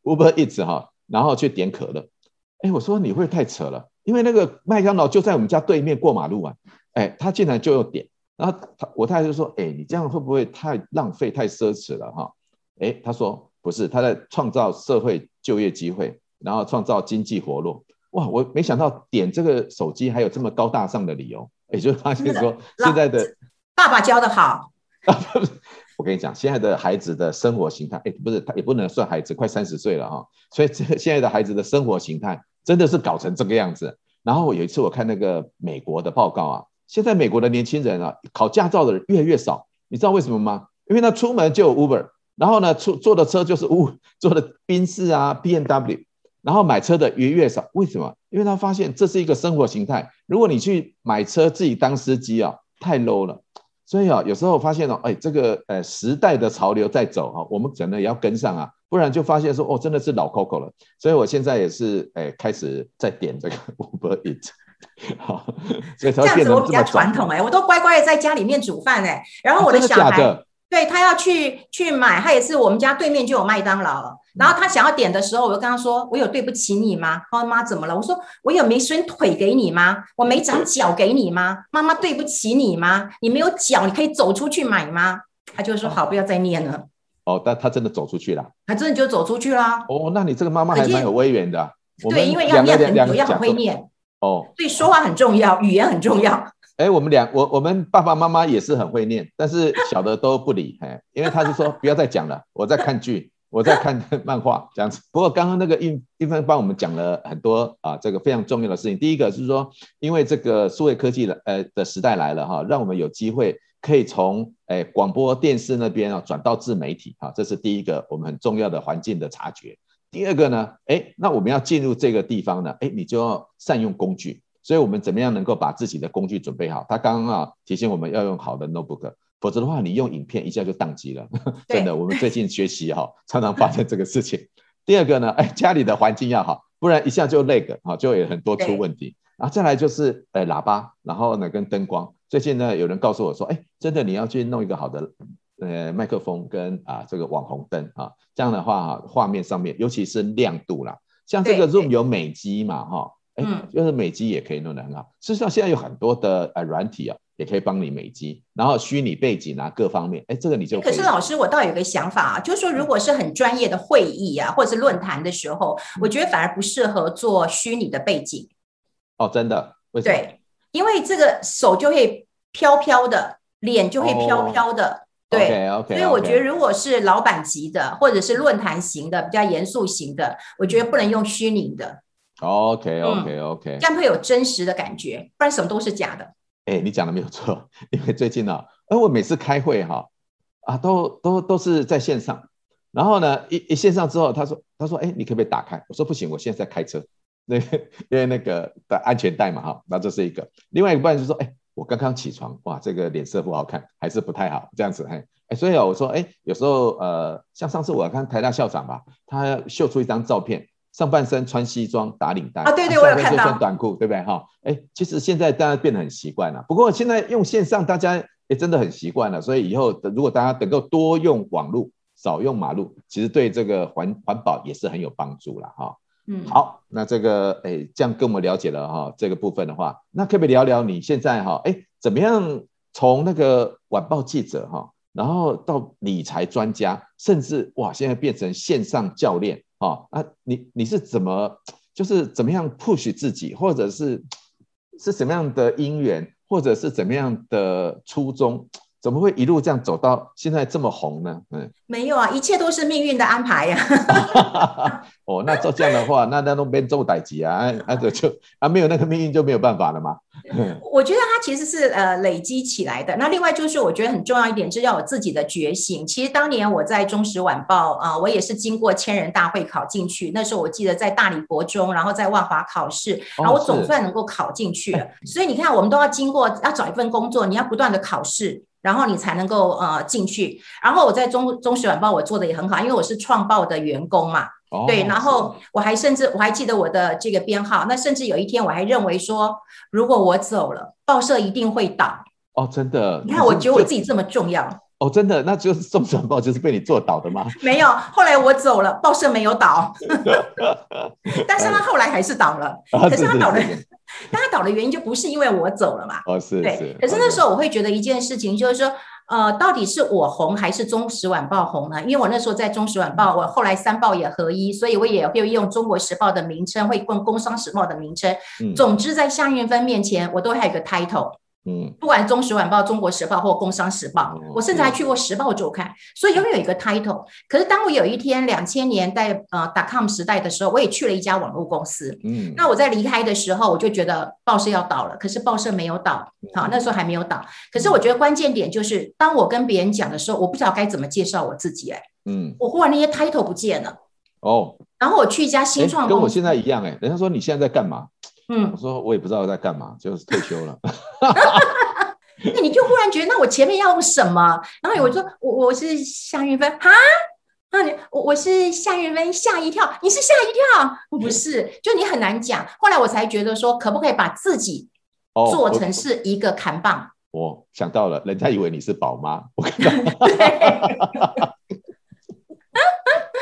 Uber Eats 哈、哦，然後去點可樂。”哎，我說：“你會太扯了，因為那個麥當勞就在我們家對面過馬路啊。”哎，他竟然就要點。然後他我太太就說：“哎，你這樣會不會太浪費、太奢侈了哈、哦？”哎，他說：“不是，他在創造社會就業機會，然後創造經濟活絡。”哇，我沒想到點這個手機還有這麼高大上的理由。也就發現說，現在的爸爸教得好、啊。我跟你講，現在的孩子的生活形態，哎，不是他也不能算孩子，快三十歲了哈、哦。所以這現在的孩子的生活形態真的是搞成這個樣子。然後我有一次我看那個美國的報告啊。現在美國的年輕人啊，考駕照的人越來越少，你知道為什麼嗎？因為他出門就有 Uber，然後呢，出坐的車就是 U 坐的賓士啊，BMW，然後買車的越來越少，為什麼？因為他發現這是一個生活形態。如果你去買車自己當司機啊，太 low 了。所以啊，有時候發現哦、啊，哎、欸，這個呃、欸、時代的潮流在走啊，我們可能也要跟上啊，不然就發現說哦，真的是老 Coco 了。所以我現在也是哎、欸，開始在點這個 Uber Eats 好， 這樣子我比較傳統哎、欸，我都乖乖的在家裡面煮飯哎、欸，然後我的小孩，啊、的的對他要去去買，他也是我們家對面就有麥當勞，嗯、然後他想要點的時候，我就跟他說，我有對不起你嗎？他說媽怎麼了？我說我有沒伸腿給你嗎？我沒長腳給你嗎？媽媽對不起你嗎？你沒有腳，你可以走出去買嗎？他就說、哦、好，不要再念了。哦，但他真的走出去了，他真的就走出去了。哦，那你這個媽媽還是蠻有威嚴的。是對，因為要念很久，要很會念。哦，oh. 所以說話很重要，語言很重要。哎、欸，我們倆，我我們爸爸媽媽也是很會念，但是小的都不理，哎， 因為他是說不要再講了，我在看劇， 我在看漫畫，這樣子。不過剛剛那個韻韻芬幫我們講了很多啊，這個非常重要的事情。第一個是說，因為這個數位科技的呃的時代來了哈、哦，讓我們有機會可以從哎廣播電視那邊啊轉到自媒體哈、哦，這是第一個我們很重要的環境的察覺。第二個呢，哎、欸，那我們要進入這個地方呢，哎、欸，你就要善用工具。所以我們怎麼樣能夠把自己的工具準備好？他剛剛啊提醒我們要用好的 notebook，否則的話你用影片，一下就宕機了。對 真的，我們最近學習哈，常常發生這個事情。對 第二個呢，哎、欸，家裡的環境要好，不然一下就 lag，就有很多出問題。對 然後再來就是，哎，喇叭，然後呢跟燈光。最近呢，有人告訴我說，哎、欸，真的你要去弄一個好的。呃，麥克風跟啊，這個網紅燈啊，這樣的話，畫、啊、面上面尤其是亮度啦，像這個 Zoom 有美肌嘛哈，哎，就是美肌也可以弄得很好。事實上，現在有很多的呃軟體啊，也可以幫你美肌，然後虛擬背景啊，各方面，哎，這個你就可是老師，我倒有個想法啊，就是說，如果是很專業的會議啊，或者是論壇的時候，我覺得反而不適合做虛擬的背景。哦，真的？為什麼？對，因為這個手就會飄飄的，臉就會飄飄的。對，OK，, okay, okay. 所以我覺得如果是老闆級的，或者是論壇型的，比較嚴肅型的，我覺得不能用虛擬的。OK，OK，OK，、okay, okay , okay. 嗯、這樣會有真實的感覺，不然什麼都是假的。哎、欸，你講的沒有錯，因為最近呢、啊，而我每次開會哈、啊，啊，都都都是在線上，然後呢，一一線上之後，他說，他說，哎、欸，你可不可以打開？我說不行，我現在在開車，那因為那個帶安全帶嘛，哈，那這是一個。另外一個不就是說，哎、欸。我剛剛起床，哇，這個臉色不好看，還是不太好，這樣子，哎、欸，所以啊，我說，誒、欸、有時候，呃，像上次我看台大校長吧，他秀出一張照片，上半身穿西裝打領帶啊，對對，對，啊、我有看到、下半身穿短褲，對不對？哈，哎，其實現在大家變得很習慣了，不過現在用線上大家也、欸、真的很習慣了，所以以後如果大家能夠多用網路，少用馬路，其實對這個環環保也是很有幫助啦，哈。嗯，好，那這個，哎、欸，這樣跟我們了解了哈、哦，這個部分的話，那可不可以聊聊你現在哈，哎、欸，怎麼樣從那個晚報記者哈、哦，然後到理財專家，甚至哇，現在變成線上教練、哦、啊？那你你是怎麼，就是怎麼樣 push 自己，或者是是什麼樣的因緣，或者是怎麼樣的初衷？怎麼會一路這樣走到現在這麼紅呢？嗯，沒有啊，一切都是命運的安排呀、啊。 哦，那就這樣的話，那那那邊做代級啊，那、啊、個就，就啊沒有那個命運就沒有辦法了嘛。嗯、我覺得它其實是呃累積起來的。那另外就是我覺得很重要一點，就是要我自己的覺醒。其實當年我在《中時晚報》啊、呃，我也是經過千人大會考進去。那時候我記得在大理國中，然後在萬華考試，然後我總算能夠考進去了。哦、所以你看，我們都要經過 要找一份工作，你要不斷的考試。然後你才能夠呃進去。然後我在中中時晚報，我做的也很好，因為我是創報的員工嘛。哦。對，然後我還甚至我還記得我的這個編號。那甚至有一天我還認為說，如果我走了，報社一定會倒。哦，真的。你看，是我覺得我自己這麼重要。哦，真的，那就是《中時晚報》就是被你做倒的嗎？沒有，後來我走了，報社沒有倒， 但是他後來還是倒了。啊、可是，他倒的，是是是他倒的原因就不是因為我走了嘛。哦，是，可是那時候我會覺得一件事情，就是說，呃，到底是我紅還是《中時晚報》紅呢？因為我那時候在《中時晚報》，我後來三報也合一，所以我也會用《中國時報》的名稱，會用《工商時報》的名稱。嗯、總之，在夏韻芬面前，我都會還有一個 title。嗯，不管《中時晚報》《中國時報》或《工商時報》嗯，我甚至還去過《時報》周刊，所以擁有一個 title。可是當我有一天兩千年代呃 .com 時代的時候，我也去了一家網絡公司。嗯，那我在離開的時候，我就覺得報社要倒了，可是報社沒有倒，好、啊，那時候還沒有倒。嗯、可是我覺得關鍵點就是，當我跟別人講的時候，我不知道該怎麼介紹我自己、欸。哎，嗯，我忽然那些 title 不見了。哦，然後我去一家新創、欸、跟我現在一樣、欸。哎，人家說你現在在幹嘛？嗯，我說我也不知道我在幹嘛，嗯、就是退休了。那 你就忽然覺得，那我前面要用什麼？然後有我說我我是夏韻芬哈，那你我我是夏韻芬，嚇一跳，你是嚇一跳，不是，就你很難講。後來我才覺得說，可不可以把自己做成是一個扛棒、oh, 我？我想到了，人家以為你是寶媽。我看到，對。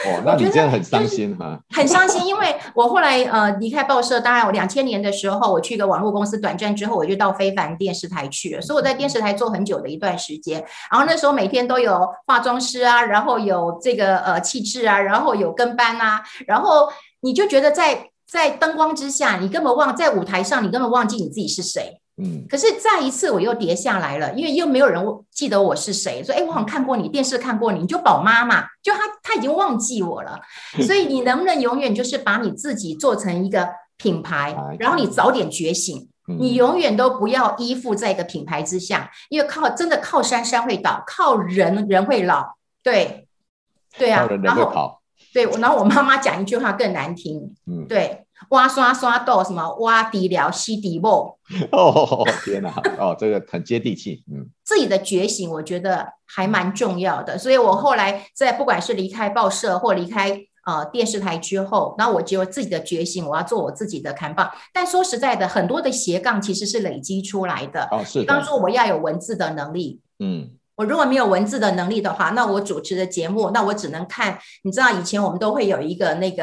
哦，那你這樣很傷心哈，很傷心，心 因為我後來呃離開報社，當然我兩千年的時候我去一個網絡公司短暫之後，我就到非凡電視台去了，所以我在電視台做很久的一段時間，然後那時候每天都有化妝師啊，然後有這個呃氣質啊，然後有跟班啊，然後你就覺得在在燈光之下，你根本忘在舞台上，你根本忘記你自己是誰。嗯，可是再一次我又跌下來了，因為又沒有人記得我是誰。說，哎、欸，我好像看過你電視，看過你，你就保媽媽，就他他已經忘記我了。所以你能不能永遠就是把你自己做成一個品牌， 然後你早點覺醒，嗯、你永遠都不要依附在一個品牌之下，因為靠真的靠山山會倒，靠人人會老。對，對啊，然後對，然後我媽媽講一句話更難聽，嗯，對。挖刷刷到什麼，挖底料吸底沫哦，天哪 哦，這個很接地氣。嗯，自己的覺醒我覺得還蠻重要的，所以我後來在不管是離開報社或離開呃電視台之後，那我就自己的覺醒，我要做我自己的看板。但說實在的，很多的斜槓其實是累積出來的哦，是當初我要有文字的能力嗯。我如果沒有文字的能力的話，那我主持的節目，那我只能看。你知道以前我們都會有一個那個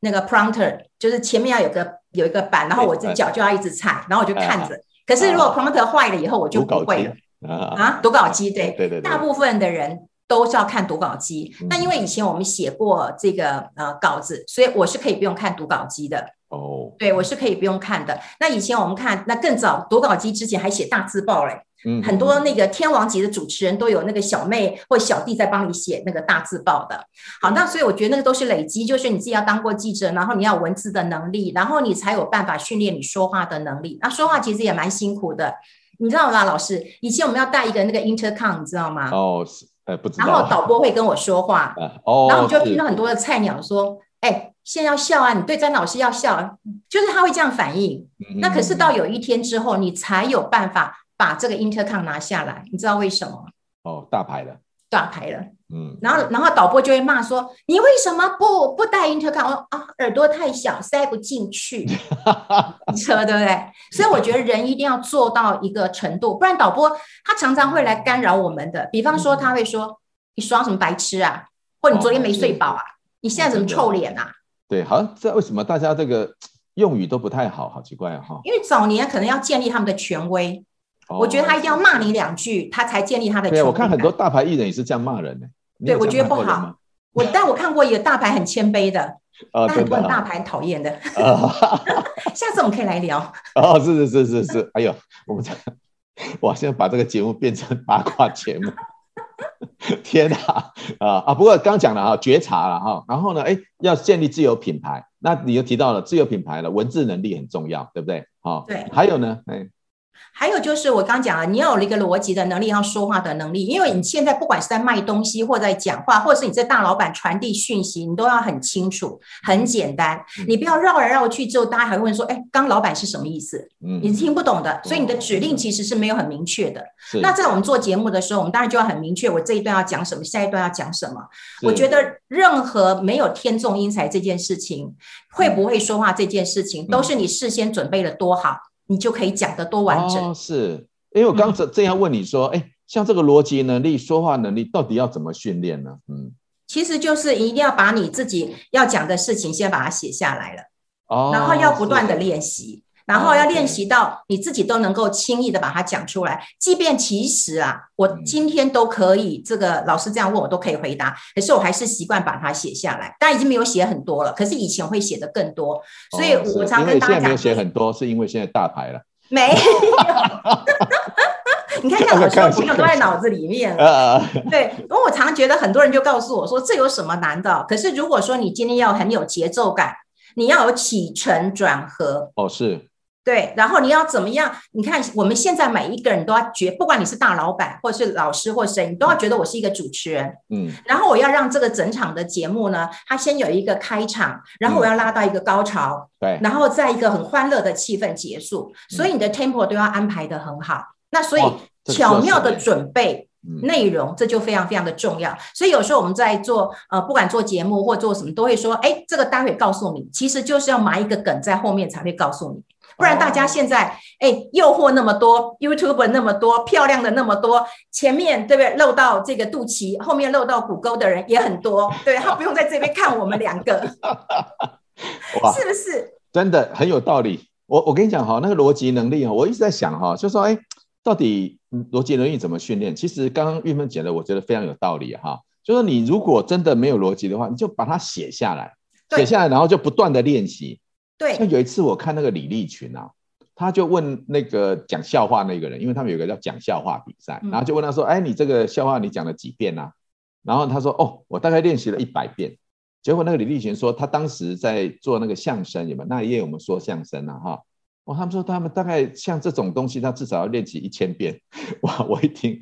那個 prompter 就是前面要有個有一個板，然後我這腳就要一直踩，對然後我就看着。啊、可是如果 prompter 壞了以後，我就不會了啊，啊。讀稿機對，對對對，對，大部分的人都是要看讀稿機。嗯、那因為以前我們寫過這個呃稿子，所以我是可以不用看讀稿機的哦對。對我是可以不用看的。那以前我們看，那更早讀稿機之前還寫大字報嘞。很多那個天王級的主持人，都有那個小妹或小弟在幫你寫那個大字報的。好，那所以我覺得那個都是累積，就是你自己要當過記者，然後你要文字的能力，然後你才有辦法訓練你說話的能力。那說話其實也蠻辛苦的，你知道嗎？老師，以前我們要帶一個那個 intercom，你知道嗎？哦，是，哎，不知道。然後導播會跟我說話，然後你就聽到很多的菜鳥說：“哎，現在要笑啊，你對詹老師要笑，就是他會這樣反應。”那可是到有一天之後，你才有辦法。把這個 intercom 拿下來，你知道為什麼？哦，大牌了，大牌了。嗯，然後對然後導播就會罵說：“你為什麼不不戴 intercom？” 我說，啊，耳朵太小，塞不進去。 ”扯對不對？所以我覺得人一定要做到一個程度， 不然導播他常常會來干擾我們的。比方說，他會說：“嗯、你刷什麼白痴啊？”或你昨天沒睡飽啊？”嗯、你現在怎麼臭臉啊？對，好像這為什麼大家這個用語都不太好好奇怪，哈、啊？哦、因為早年可能要建立他們的權威。Oh, 我覺得他一定要罵你兩句，他才建立他的。對，我看很多大牌藝人也是這樣罵人的，欸，人對，我覺得不好。我，但我看過有大牌很謙卑的，啊、呃，對，不過大牌討厭的。呃、 下次我們可以來聊。哦、呃，是是是是是，哎呦，我們這，我現在把這個節目變成八卦節目。 天哪、啊，啊、呃、啊！不過剛，剛講了啊，覺察了啊。然後呢，哎，要建立自有品牌，那你又提到了自有品牌了，文字能力很重要，對不對？好、哦。對還有呢，誒還有就是，我剛講了，你要有一個邏輯的能力，要說話的能力，因為你現在不管是在賣東西，或在講話，或者是你在大老板傳遞訊息，你都要很清楚、很簡單。你不要繞來繞去，之後大家還會問說：“哎，剛老闆是什麼意思？”你是聽不懂的，所以你的指令其實是沒有很明確的。是那在我們做節目的時候，我們當然就要很明確，我這一段要講什麼，下一段要講什麼。是我覺得，任何沒有天縱英才這件事情，會不會說話這件事情，都是你事先準備的多好。你就可以講得多完整。哦，是，因為我剛才這樣問你說，哎、嗯欸，像這個邏輯能力、說話能力，到底要怎麼訓練呢？嗯，其實就是一定要把你自己要講的事情先把它寫下來了，哦、然後要不斷的練習。然後要練習到你自己都能夠輕易的把它講出來，嗯、即便其實啊，我今天都可以、嗯、這個老師這樣問我都可以回答，可是我還是習慣把它寫下來。但已經沒有寫很多了，可是以前會寫的更多。哦、所以，我常跟大家講，因為現在沒有寫很多，是因為現在大牌了。沒有， 你看一下老師，我所有朋友都在腦子裡面。呃、對， 我常覺得很多人就告訴我說，這有什麼難的？可是如果說你今天要很有節奏感，你要有起承轉合。哦，是。對，然後你要怎麼樣？你看我們現在每一個人都要覺得，不管你是大老闆，或者是老師，或是誰，你都要覺得我是一個主持人，嗯。然後我要讓這個整場的節目呢，它先有一個開場，然後我要拉到一個高潮，嗯、對。然後在一個很歡樂的氣氛結束，嗯、所以你的 tempo 都要安排得很好。嗯、那所以巧妙的準備、嗯、內容，這就非常非常的重要。所以有時候我們在做呃，不管做節目或做什麼，都會說，哎，這個待會告訴你，其實就是要埋一個梗在後面才會告訴你。不然大家現在哎，欸，誘惑那麼多，YouTube 那麼多，漂亮的那麼多，前面對不對，露到這個肚臍，後面露到股溝的人也很多，對不對，他不用在這邊看我們兩個， 哇 是不是？真的很有道理。我我跟你講哈，那個邏輯能力我一直在想哈，就是，說哎，欸，到底，嗯，邏輯能力怎麼訓練？其實剛剛韻芬講的，我覺得非常有道理哈。就說，是，你如果真的沒有邏輯的話，你就把它寫下來，對寫下來，然後就不斷的練習。對，有一次我看那個李立群啊，他就問那個講笑話那個人，因為他們有個叫講笑話比賽，然後就問他說：“嗯、哎，你這個笑話你講了幾遍啊？”然後他說：“哦，我大概練習了一百遍。”結果那個李立群說他當時在做那個相聲，有沒有那一夜我們說相聲了哈？哇、哦，他們說他們大概像這種東西，他至少要練習一千遍。哇，我一聽。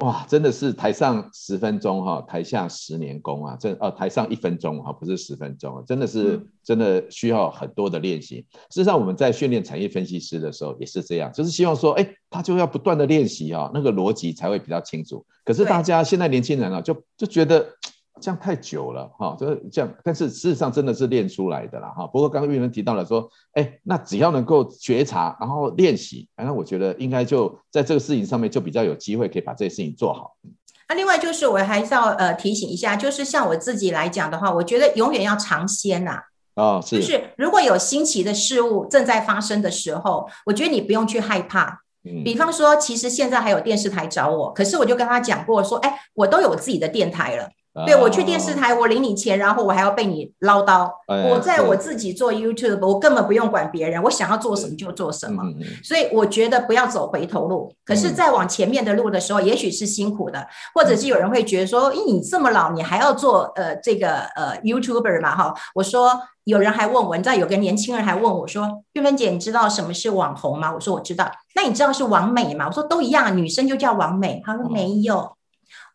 哇，真的是台上十分鐘哈，台下十年功啊，這、呃、哦，台上一分鐘哈，不是十分鐘，真的是真的需要很多的練習。嗯、事實上，我們在訓練產業分析師的時候也是這樣，就是希望說，哎、欸，他就要不斷的練習啊，那個邏輯才會比較清楚。可是大家現在年輕人啊，對 就就覺得。這樣太久了哈，這、哦、個這樣，但是事實上真的是練出來的啦哈、哦。不過剛剛文男提到了說誒，那只要能夠覺察，然後練習、哎，那我覺得應該就在這個事情上面就比較有機會可以把這些事情做好。那、啊、另外就是我還是要呃提醒一下，就是像我自己來講的話，我覺得永遠要嘗鮮吶。哦，是就是如果有新奇的事物正在發生的時候，我覺得你不用去害怕。嗯、比方說，其實現在還有電視台找我，可是我就跟他講過說，哎，我都有自己的電台了。 對，我去電視台，我領你錢，然後我還要被你嘮叨。哎、我在我自己做 YouTube，我根本不用管別人，我想要做什麼就做什麼。對所以我覺得不要走回頭路。對可是再往前面的路的時候，嗯、也許是辛苦的，或者是有人會覺得說，嗯、哎、你這麼老，你還要做呃這個呃 YouTuber 嘛？哈，我說有人還問我，你知道有個年輕人還問我，我說，韻芬 姐，你知道什麼是網紅嗎？我說我知道。那你知道是網美嗎？我說都一樣，女生就叫網美。他說沒有。哦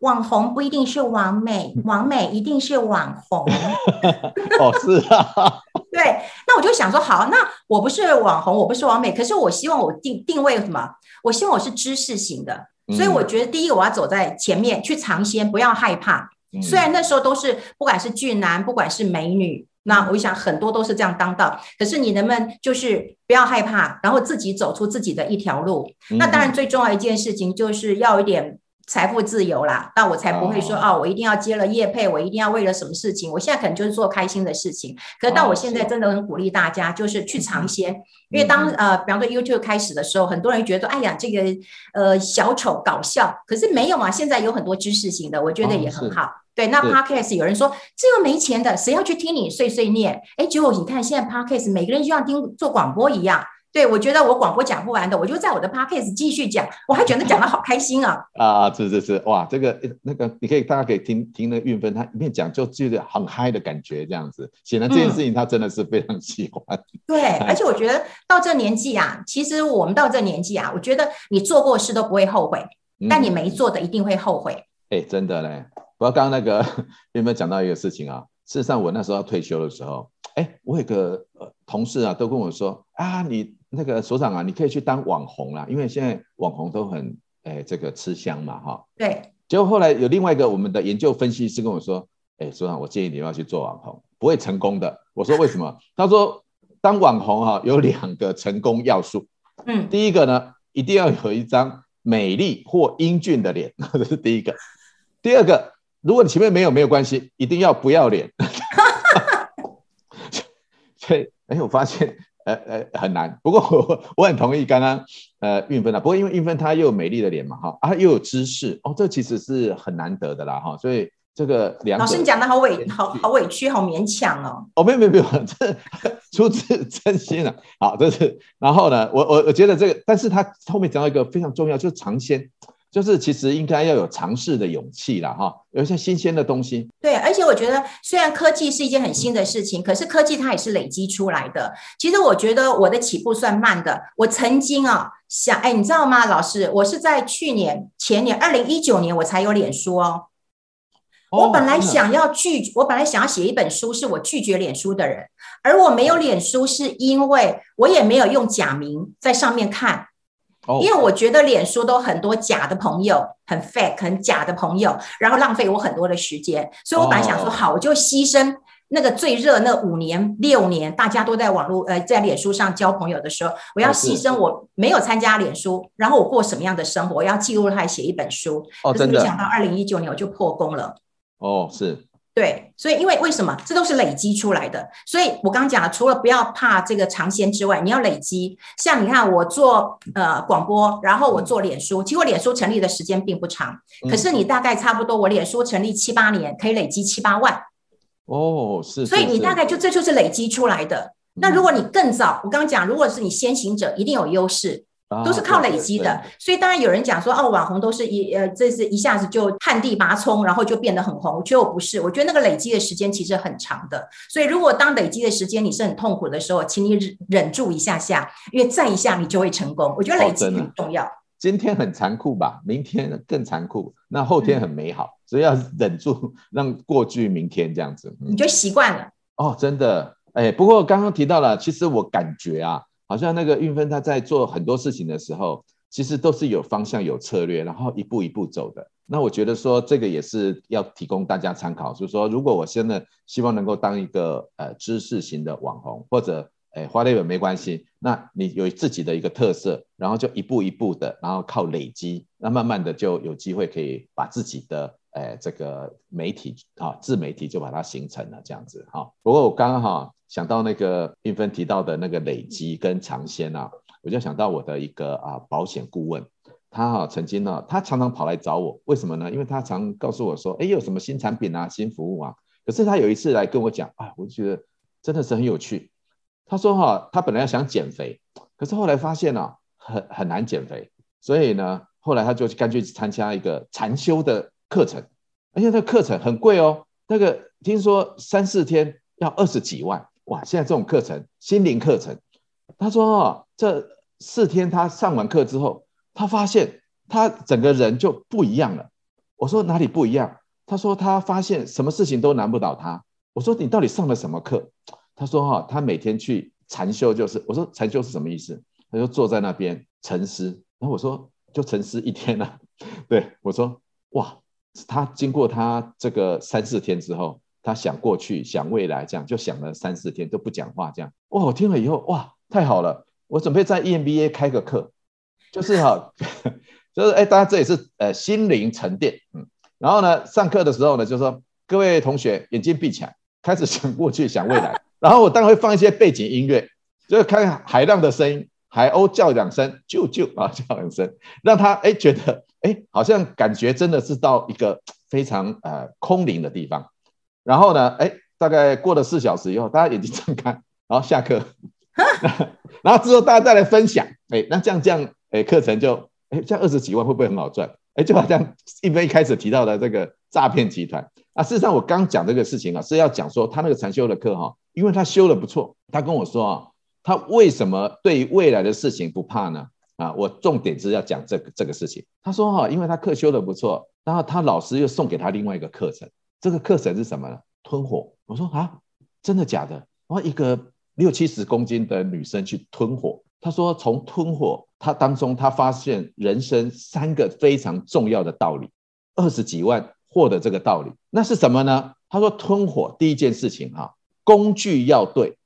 網紅不一定是網美，網美一定是網紅。 哦、是啊，對。那我就想說，好，那我不是網紅，我不是網美，可是我希望我定定位什麼？我希望我是知識型的，嗯、所以我覺得第一個我要走在前面去嘗鮮，不要害怕。嗯、雖然那時候都是不管是俊男，不管是美女，那我想很多都是這樣當道。可是你能不能就是不要害怕，然後自己走出自己的一條路？嗯、那當然最重要一件事情就是要一點。財富自由啦，但我才不會說哦，哦，我一定要接了業配，我一定要為了什麼事情。我現在可能就是做開心的事情。可是到我現在真的很鼓勵大家，哦、就是去嘗鮮，嗯、哼因為當呃，比方說 YouTube 開始的時候，很多人覺得哎呀，這個呃小丑搞笑，可是沒有啊。現在有很多知識型的，我覺得也很好。哦、對，那 Podcast 有人說這又是沒錢的，誰要去聽你碎碎念？哎、欸，結果你看現在 Podcast，每個人就像聽做廣播一樣。對，我覺得我廣播講不完的，我就在我的 podcast 繼續講，我還覺得講得好開心啊！啊、 呃，是是是，哇，這個那個你可以大家可以聽聽那個韻芬她一面講就就覺得很嗨的感覺這樣子，顯然這件事情她真的是非常喜歡。嗯、 對，而且我覺得到這年紀啊，其實我們到這年紀啊，我覺得你做過事都不會後悔，嗯、但你沒做的一定會後悔。哎、嗯，真的嘞！我剛剛那個有沒有講到一個事情啊？事實上我那時候要退休的時候，哎，我有一個、呃、同事啊，都跟我說啊，你。那個所長啊，你可以去當網紅了，因為現在網紅都很哎這個吃香嘛哈。對。結果後來有另外一個我們的研究分析師跟我說：“哎，所長，我建議你要去做網紅，不會成功的。”我說：“為什麼？”他說：“當網紅啊，有兩個成功要素。嗯。第一個呢，一定要有一張美麗或英俊的臉，這是第一個。第二個，如果你前面沒有沒有關係，一定要不要臉。哈哈哈哈哈。所以，哎，我發現。”呃呃很難，不過我，我很同意剛剛呃韻芬的，不過因為韻芬她又有美麗的臉嘛哈，啊又有知識哦，這其實是很難得的啦哈、哦，所以這個兩個老師你講的好委好好委屈好勉強哦哦沒有沒有沒有，這出自真心啊，好這是然後呢我我我覺得這個，但是他後面講到一個非常重要就是嘗鮮。就是其實應該要有嘗試的勇氣啦哈，有一些新鮮的東西。對，而且我覺得雖然科技是一件很新的事情，嗯、可是科技它也是累積出來的。其實我覺得我的起步算慢的。我曾經啊想，哎，你知道嗎，老師，我是在去年、前年，二零一九年我才有臉書哦。哦我本來想要拒，嗯、我本來想要寫一本書，是我拒絕臉書的人，而我沒有臉書是因為我也沒有用假名在上面看。因為我覺得臉書都很多假的朋友，很 fake，很假的朋友，然後浪費我很多的時間，所以我本來想說好，我就犧牲那個最熱那五年六年，大家都在網絡呃，在臉書上交朋友的時候，我要犧牲我沒有參加臉書，哦、然後我過什麼樣的生活？我要記錄下來寫一本書。哦，真的。可是沒想到二零一九年我就破功了。哦，是。對，所以因為為什麼，這都是累積出來的。所以我剛剛講了，除了不要怕這個嘗鮮之外，你要累積。像你看，我做呃廣播，然後我做臉書，其實我臉書成立的時間並不長，嗯、可是你大概差不多，我臉書成立七八年，可以累積七八萬。哦，是，是，是。所以你大概就這就是累積出來的。嗯、那如果你更早，我剛剛講，如果是你先行者，一定有優勢。都是靠累積的，哦，所以當然有人講說，哦、啊，網紅都是一呃，這是一下子就旱地拔蔥，然後就變得很紅。我覺得我不是，我覺得那個累積的時間其實很長的。所以如果當累積的時間你是很痛苦的時候，請你忍忍住一下下，因為再一下你就會成功。我覺得累積很重要。哦、今天很殘酷吧，明天更殘酷，那後天很美好，所以、嗯、要忍住，讓過去明天這樣子。嗯、你就習慣了哦，真的。哎，不過剛剛提到了，其實我感覺啊。好像那個韻芬他在做很多事情的時候，其實都是有方向、有策略，然後一步一步走的。那我覺得說這個也是要提供大家參考。就是說，如果我現在希望能夠當一個呃知識型的網紅，或者誒、哎、花類本沒關係，那你有自己的一個特色，然後就一步一步的，然後靠累積，那慢慢的就有機會可以把自己的誒、呃、這個媒體啊，自媒體就把它形成了這樣子哈。不過我剛剛想到那個韻芬提到的那個累積跟長線吶，我就想到我的一個啊保險顧問，他啊曾經呢、啊，他常常跑來找我，為什麼呢？因為他常告訴我說，哎，有什麼新產品啊，新服務啊。可是他有一次來跟我講，啊，我就覺得真的是很有趣。他說哈，他本來要想減肥，可是後來發現啊，很很難減肥，所以呢，後來他就乾脆參加一個禪修的課程，而且那個課程很貴哦，那個聽說三四天要二十幾萬。哇，現在這種課程，心靈課程，他說哦，這四天他上完課之後，他發現他整個人就不一樣了。我說哪裡不一樣？他說他發現什麼事情都難不倒他。我說你到底上了什麼課？他說哈，哦，他每天去禪修就是，我說禪修是什麼意思？他就坐在那邊沉思。然後我說就沉思一天了。對，我說哇，他經過他這個三四天之後。他想過去，想未來，這樣就想了三四天都不講話，這樣哇！我聽了以後哇，太好了！我準備在 EMBA 開個課，就是哈、啊，就是哎、欸，大家這也是呃心靈沉澱，嗯。然後呢，上課的時候呢，就說各位同學眼睛閉起來，開始想過去，想未來。 然後我當然會放一些背景音樂，就是看海浪的聲音，海鷗叫兩聲，啾啾啊，叫兩聲，讓他哎、欸、覺得哎、欸，好像感覺真的是到一個非常呃空靈的地方。然後呢、欸？大概過了四小時以後，大家眼睛睜開，然後下課，哈 然後之後大家再來分享。欸、那這樣這樣，哎、欸，課程就哎、欸，這樣二十幾萬會不會很好賺？哎、欸，就好像一邊一開始提到的這個詐騙集團啊，事實上我剛講這個事情啊，是要講說他那個禪修的課哈、啊，因為他修的不錯，他跟我說啊，他為什麼對於未來的事情不怕呢？啊，我重點是要講這個這個事情。他說哈、啊，因為他課修的不錯，然後他老師又送給他另外一個課程。這個課程是什麼呢？吞火。我說啊，真的假的？我說一個六七十公斤的女生去吞火。她說從吞火，她當中她發現人生三個非常重要的道理，二十幾萬獲得這個道理，那是什麼呢？她說吞火第一件事情哈，啊，工具要對，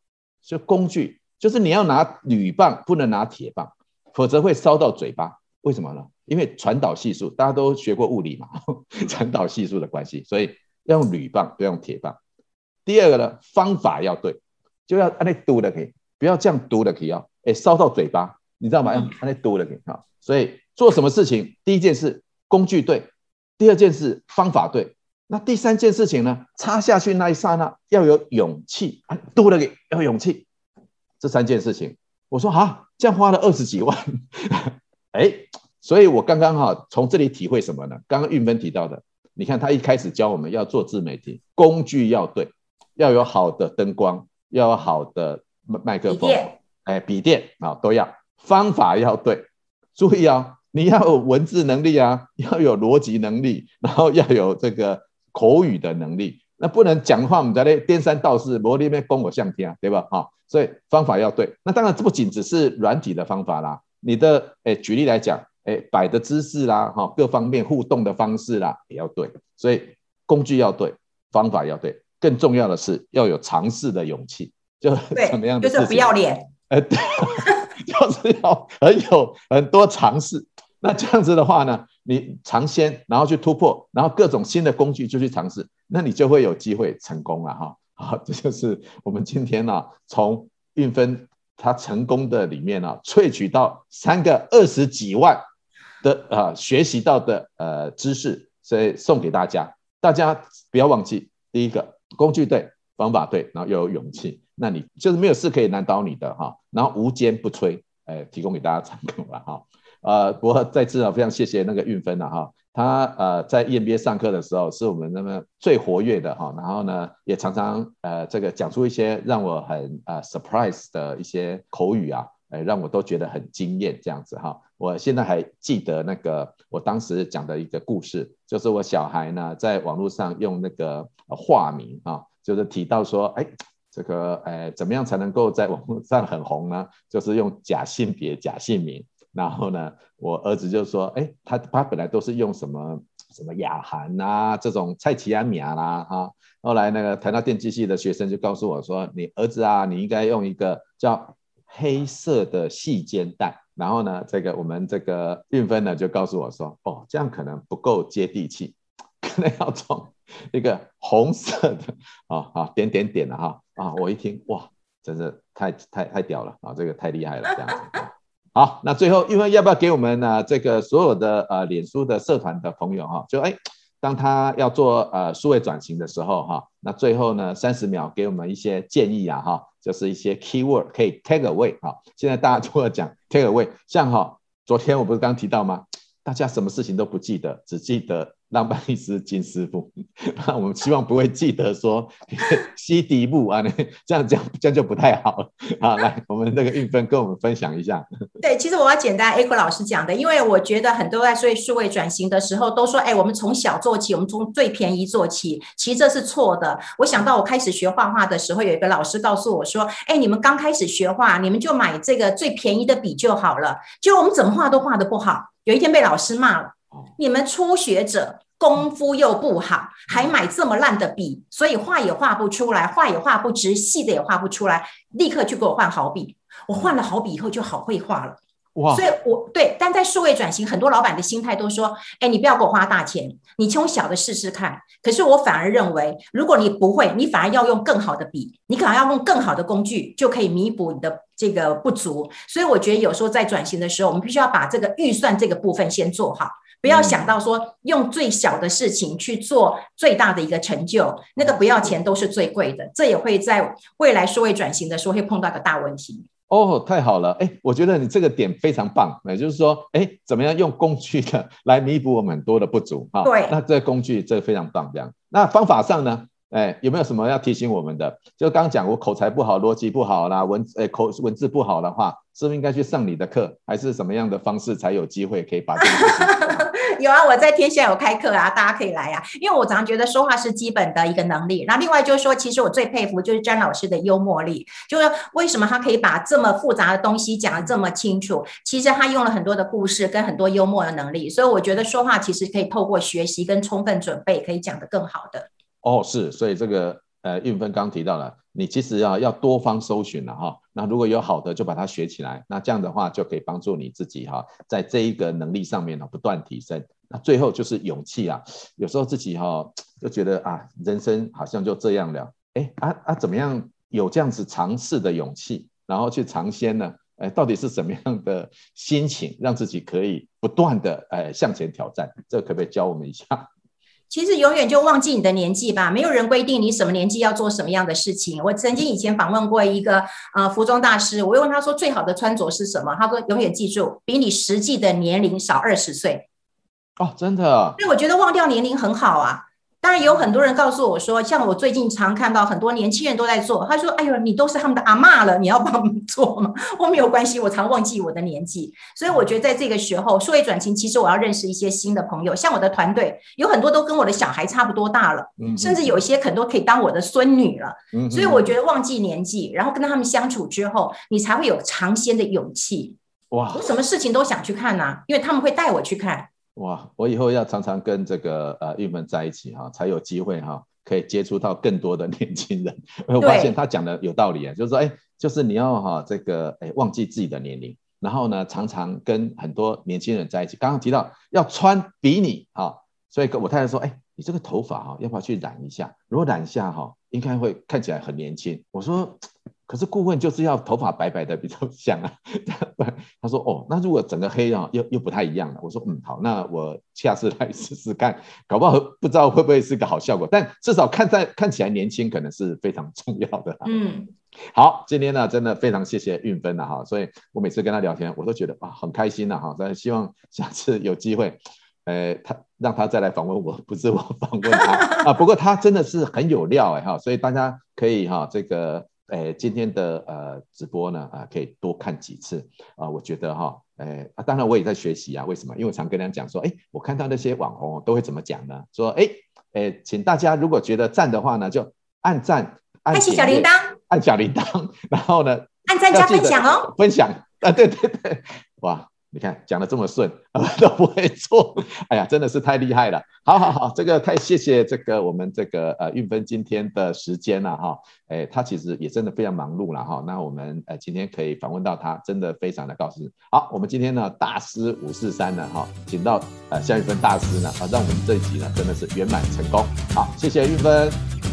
就工具就是你要拿鋁棒，不能拿鐵棒，否則會燒到嘴巴。為什麼呢？因為傳導係數，大家都學過物理嘛，傳導係數的關係，所以。要用鋁棒，不要用鐵棒。第二個呢，方法要對，就要按那堵的給，不要這樣堵的給啊！燒、欸、到嘴巴，你知道嗎？要按那堵的給啊！所以做什麼事情，第一件事工具對，第二件事方法對，那第三件事情呢？插下去那一剎那要有勇氣啊！堵的給要有勇氣，這三件事情，我說哈、啊，這樣花了二十幾萬， 欸、所以我剛剛哈、啊、從這裡體會什麼呢？剛剛韻芬提到的。你看，他一開始教我們要做自媒體，工具要對，要有好的燈光，要有好的麥克風，電哎，筆電啊、哦、都要，方法要對，注意啊、哦，你要有文字能力啊，要有邏輯能力，然後要有這個口語的能力，那不能講話，我們在那顛三倒四，邏輯面攻我向天啊，對吧？哈、哦，所以方法要對，那當然，這不僅只是軟體的方法啦，你的哎，舉例來講。哎，擺、欸、的姿勢啦，哈，各方面互動的方式啦、啊，也要對，所以工具要對，方法要對，更重要的是要有嘗試的勇氣，就怎麼樣就是不要臉、欸，呃， 就是要很有很多嘗試，那這樣子的話呢，你嘗鮮，然後去突破，然後各種新的工具就去嘗試，那你就會有機會成功了、哦，哈，好，這就是我們今天啊，從韻芬她成功的裡面呢、啊，萃取到三個二十幾萬。的啊，學習到的呃知識，所以送給大家。大家不要忘記，第一個工具對，方法對，然後又有勇氣，那你就是沒有事可以難倒你的哈、哦。然後無堅不摧、欸，提供給大家參考了哈、哦。呃，不過再次啊，非常謝謝那個韻芬了哈。他呃在 EMBA 上課的時候，是我們那麼最活躍的哈、哦。然後呢，也常常呃這個講出一些讓我很啊、呃、surprise 的一些口語啊。哎，讓我都覺得很驚豔，這樣子哈。我現在還記得那個，我當時講的一個故事，就是我小孩呢，在網絡上用那個化名啊，就是提到說，哎，這個，哎，怎麼樣才能夠在網絡上很紅呢？就是用假性別、假姓名。然後呢，我兒子就說，哎，他他本來都是用什麼什麼雅涵吶，這種蔡奇安米啊啦啊。後來那個台大電機系的學生就告訴我說，你兒子啊，你應該用一個叫。黑色的細肩帶，然後呢，這個我們這個韻芬呢就告訴我說，哦，這樣可能不夠接地氣，可能要穿一個紅色的啊啊、哦哦、點點點了哈啊、哦！我一聽哇，真的太太太屌了啊、哦，這個太厲害了，這樣子好。那最後韻芬要不要給我們呢、呃？這個所有的呃臉書的社團的朋友哈、哦，就哎。當他要做呃數位轉型的時候，哈、哦，那最後呢，三十秒給我們一些建議啊，哈、哦，就是一些 keyword 可以 take away 哈、哦，現在大家都在講 take away，像哈，昨天我不是剛提到嗎？大家什麼事情都不記得，只記得浪漫一絲金師傅。那 我們希望不會記得說 西迪木啊，這樣講這，這樣就不太好了。好，來我們那個韻芬跟我們分享一下。對，其實我要簡單，echo 老師講的，因為我覺得很多在說數位轉型的時候都說，哎、欸，我們從小做起，我們從最便宜做起。其實這是錯的。我想到我開始學畫畫的時候，有一個老師告訴我說，哎、欸，你們剛開始學畫，你們就買這個最便宜的筆就好了。結果我們怎麼畫都畫得不好。有一天被老師罵了，你們初學者功夫又不好，還買這麼爛的筆，所以畫也畫不出來，畫也畫不直，細的也畫不出來。立刻去給我換好筆，我換了好筆以後就好會畫了。Wow 所以我對，但在數位轉型，很多老闆的心態都說：“哎、欸，你不要給我花大錢，你從小的試試看。”可是我反而認為，如果你不會，你反而要用更好的筆，你可能要用更好的工具，就可以彌補你的這個不足。所以我覺得，有時候在轉型的時候，我們必須要把這個預算這個部分先做好，不要想到說用最小的事情去做最大的一個成就，嗯、那個不要錢都是最貴的。這也會在未來數位轉型的時候會碰到一個大問題。哦，oh, 太好了，哎，我覺得你這個點非常棒，也就是說，哎，怎麼樣用工具的來彌補我們很多的不足哈？對、哦，那這工具這非常棒，這樣。那方法上呢，哎，有沒有什麼要提醒我們的？就剛剛講我口才不好、邏輯不好啦，文，哎，口文字不好的話，是不是應該去上你的課，還是什麼樣的方式才有機會可以把這個？這 有啊，我在天下有開課啊，大家可以來呀、啊。因為我常常覺得說話是基本的一個能力。那另外就是說，其實我最佩服就是詹老師的幽默力，就是為什麼他可以把這麼複雜的東西講得這麼清楚？其實他用了很多的故事跟很多幽默的能力。所以我覺得說話其實可以透過學習跟充分準備，可以講得更好的。哦，是，所以這個。呃，韻芬剛提到了，你其實要、啊、要多方搜尋了哈。那如果有好的，就把它學起來。那這樣的話，就可以幫助你自己哈、啊，在這一個能力上面、啊、不斷提升。那最後就是勇氣啊，有時候自己哈、啊、就覺得啊，人生好像就這樣了。哎、欸，啊啊，怎麼樣有這樣子嘗試的勇氣，然後去嘗鮮呢？哎、欸，到底是什麼樣的心情，讓自己可以不斷的、欸、向前挑戰？這個、可不可以教我們一下？其實永遠就忘記你的年紀吧，沒有人規定你什麼年紀要做什麼樣的事情。我曾經以前訪問過一個呃服裝大師，我問他說最好的穿着是什麼？他說永遠記住比你實際的年齡少二十歲。哦，真的啊，哦！所以我覺得忘掉年齡很好啊。當然有很多人告訴我說，像我最近常看到很多年輕人都在做。他說：“哎呦，你都是他們的阿嬤了，你要幫我們做嗎？”我沒有關係，我常忘記我的年紀。所以我覺得在這個時候，數位轉型其實我要認識一些新的朋友。像我的團隊，有很多都跟我的小孩差不多大了，嗯、哼甚至有一些很多可以當我的孫女了。嗯、哼所以我覺得忘記年紀，然後跟他們相處之後，你才會有嘗鮮的勇氣。哇！我什麼事情都想去看呢，啊，因為他們會帶我去看。哇，我以後要常常跟這個呃韻芬在一起哈、啊，才有機會哈、啊，可以接觸到更多的年輕人。 我發現他講的有道理啊，對就是說，哎、欸，就是你要哈、啊、這個哎、欸、忘記自己的年齡，然後呢常常跟很多年輕人在一起。剛剛提到要穿比你、啊、所以跟我太太說，哎、欸，你這個頭髮哈、啊、要不要去染一下？如果染一下哈、啊，應該會看起來很年輕。我說。可是顧問就是要頭髮白白的比較像啊。 他說：“哦，那如果整個黑啊，又又不太一樣了。”我說：“嗯，好，那我下次來試試看，搞不好不知道會不會是個好效果。但至少看在看起來年輕，可能是非常重要的。”嗯，好，今天呢，真的非常謝謝韻芬了、啊、哈。所以我每次跟他聊天，我都覺得啊，很開心啊。哈。所以希望下次有機會，呃，他讓他再來訪問我，不是我訪問他 啊。不過他真的是很有料啊。哈，所以大家可以哈這個。呃、今天的呃直播呢，啊、呃，可以多看幾次啊、呃。我覺得哈、呃，當然我也在學習啊。為什麼？因為我常跟大家講說誒，我看到那些網紅都會怎麼講呢？說，哎，哎，請大家如果覺得讚的話呢，就按讚，按，按小鈴鐺，按小鈴鐺，然後呢，按讚加分享哦，分享啊、呃，對對對，哇。你看講得這麼順，都不會錯，哎呀，真的是太厲害了。好，好，好，這個太謝謝這個我們這個呃韻芬今天的時間了哈，哎、哦欸，他其實也真的非常忙碌了哈、哦。那我們呃今天可以訪問到他，真的非常的高興。好，我們今天呢大師五四三呢哈、哦，請到呃夏韻芬大師呢，好、啊，讓我們這一集呢真的是圓滿成功。好，謝謝韻芬。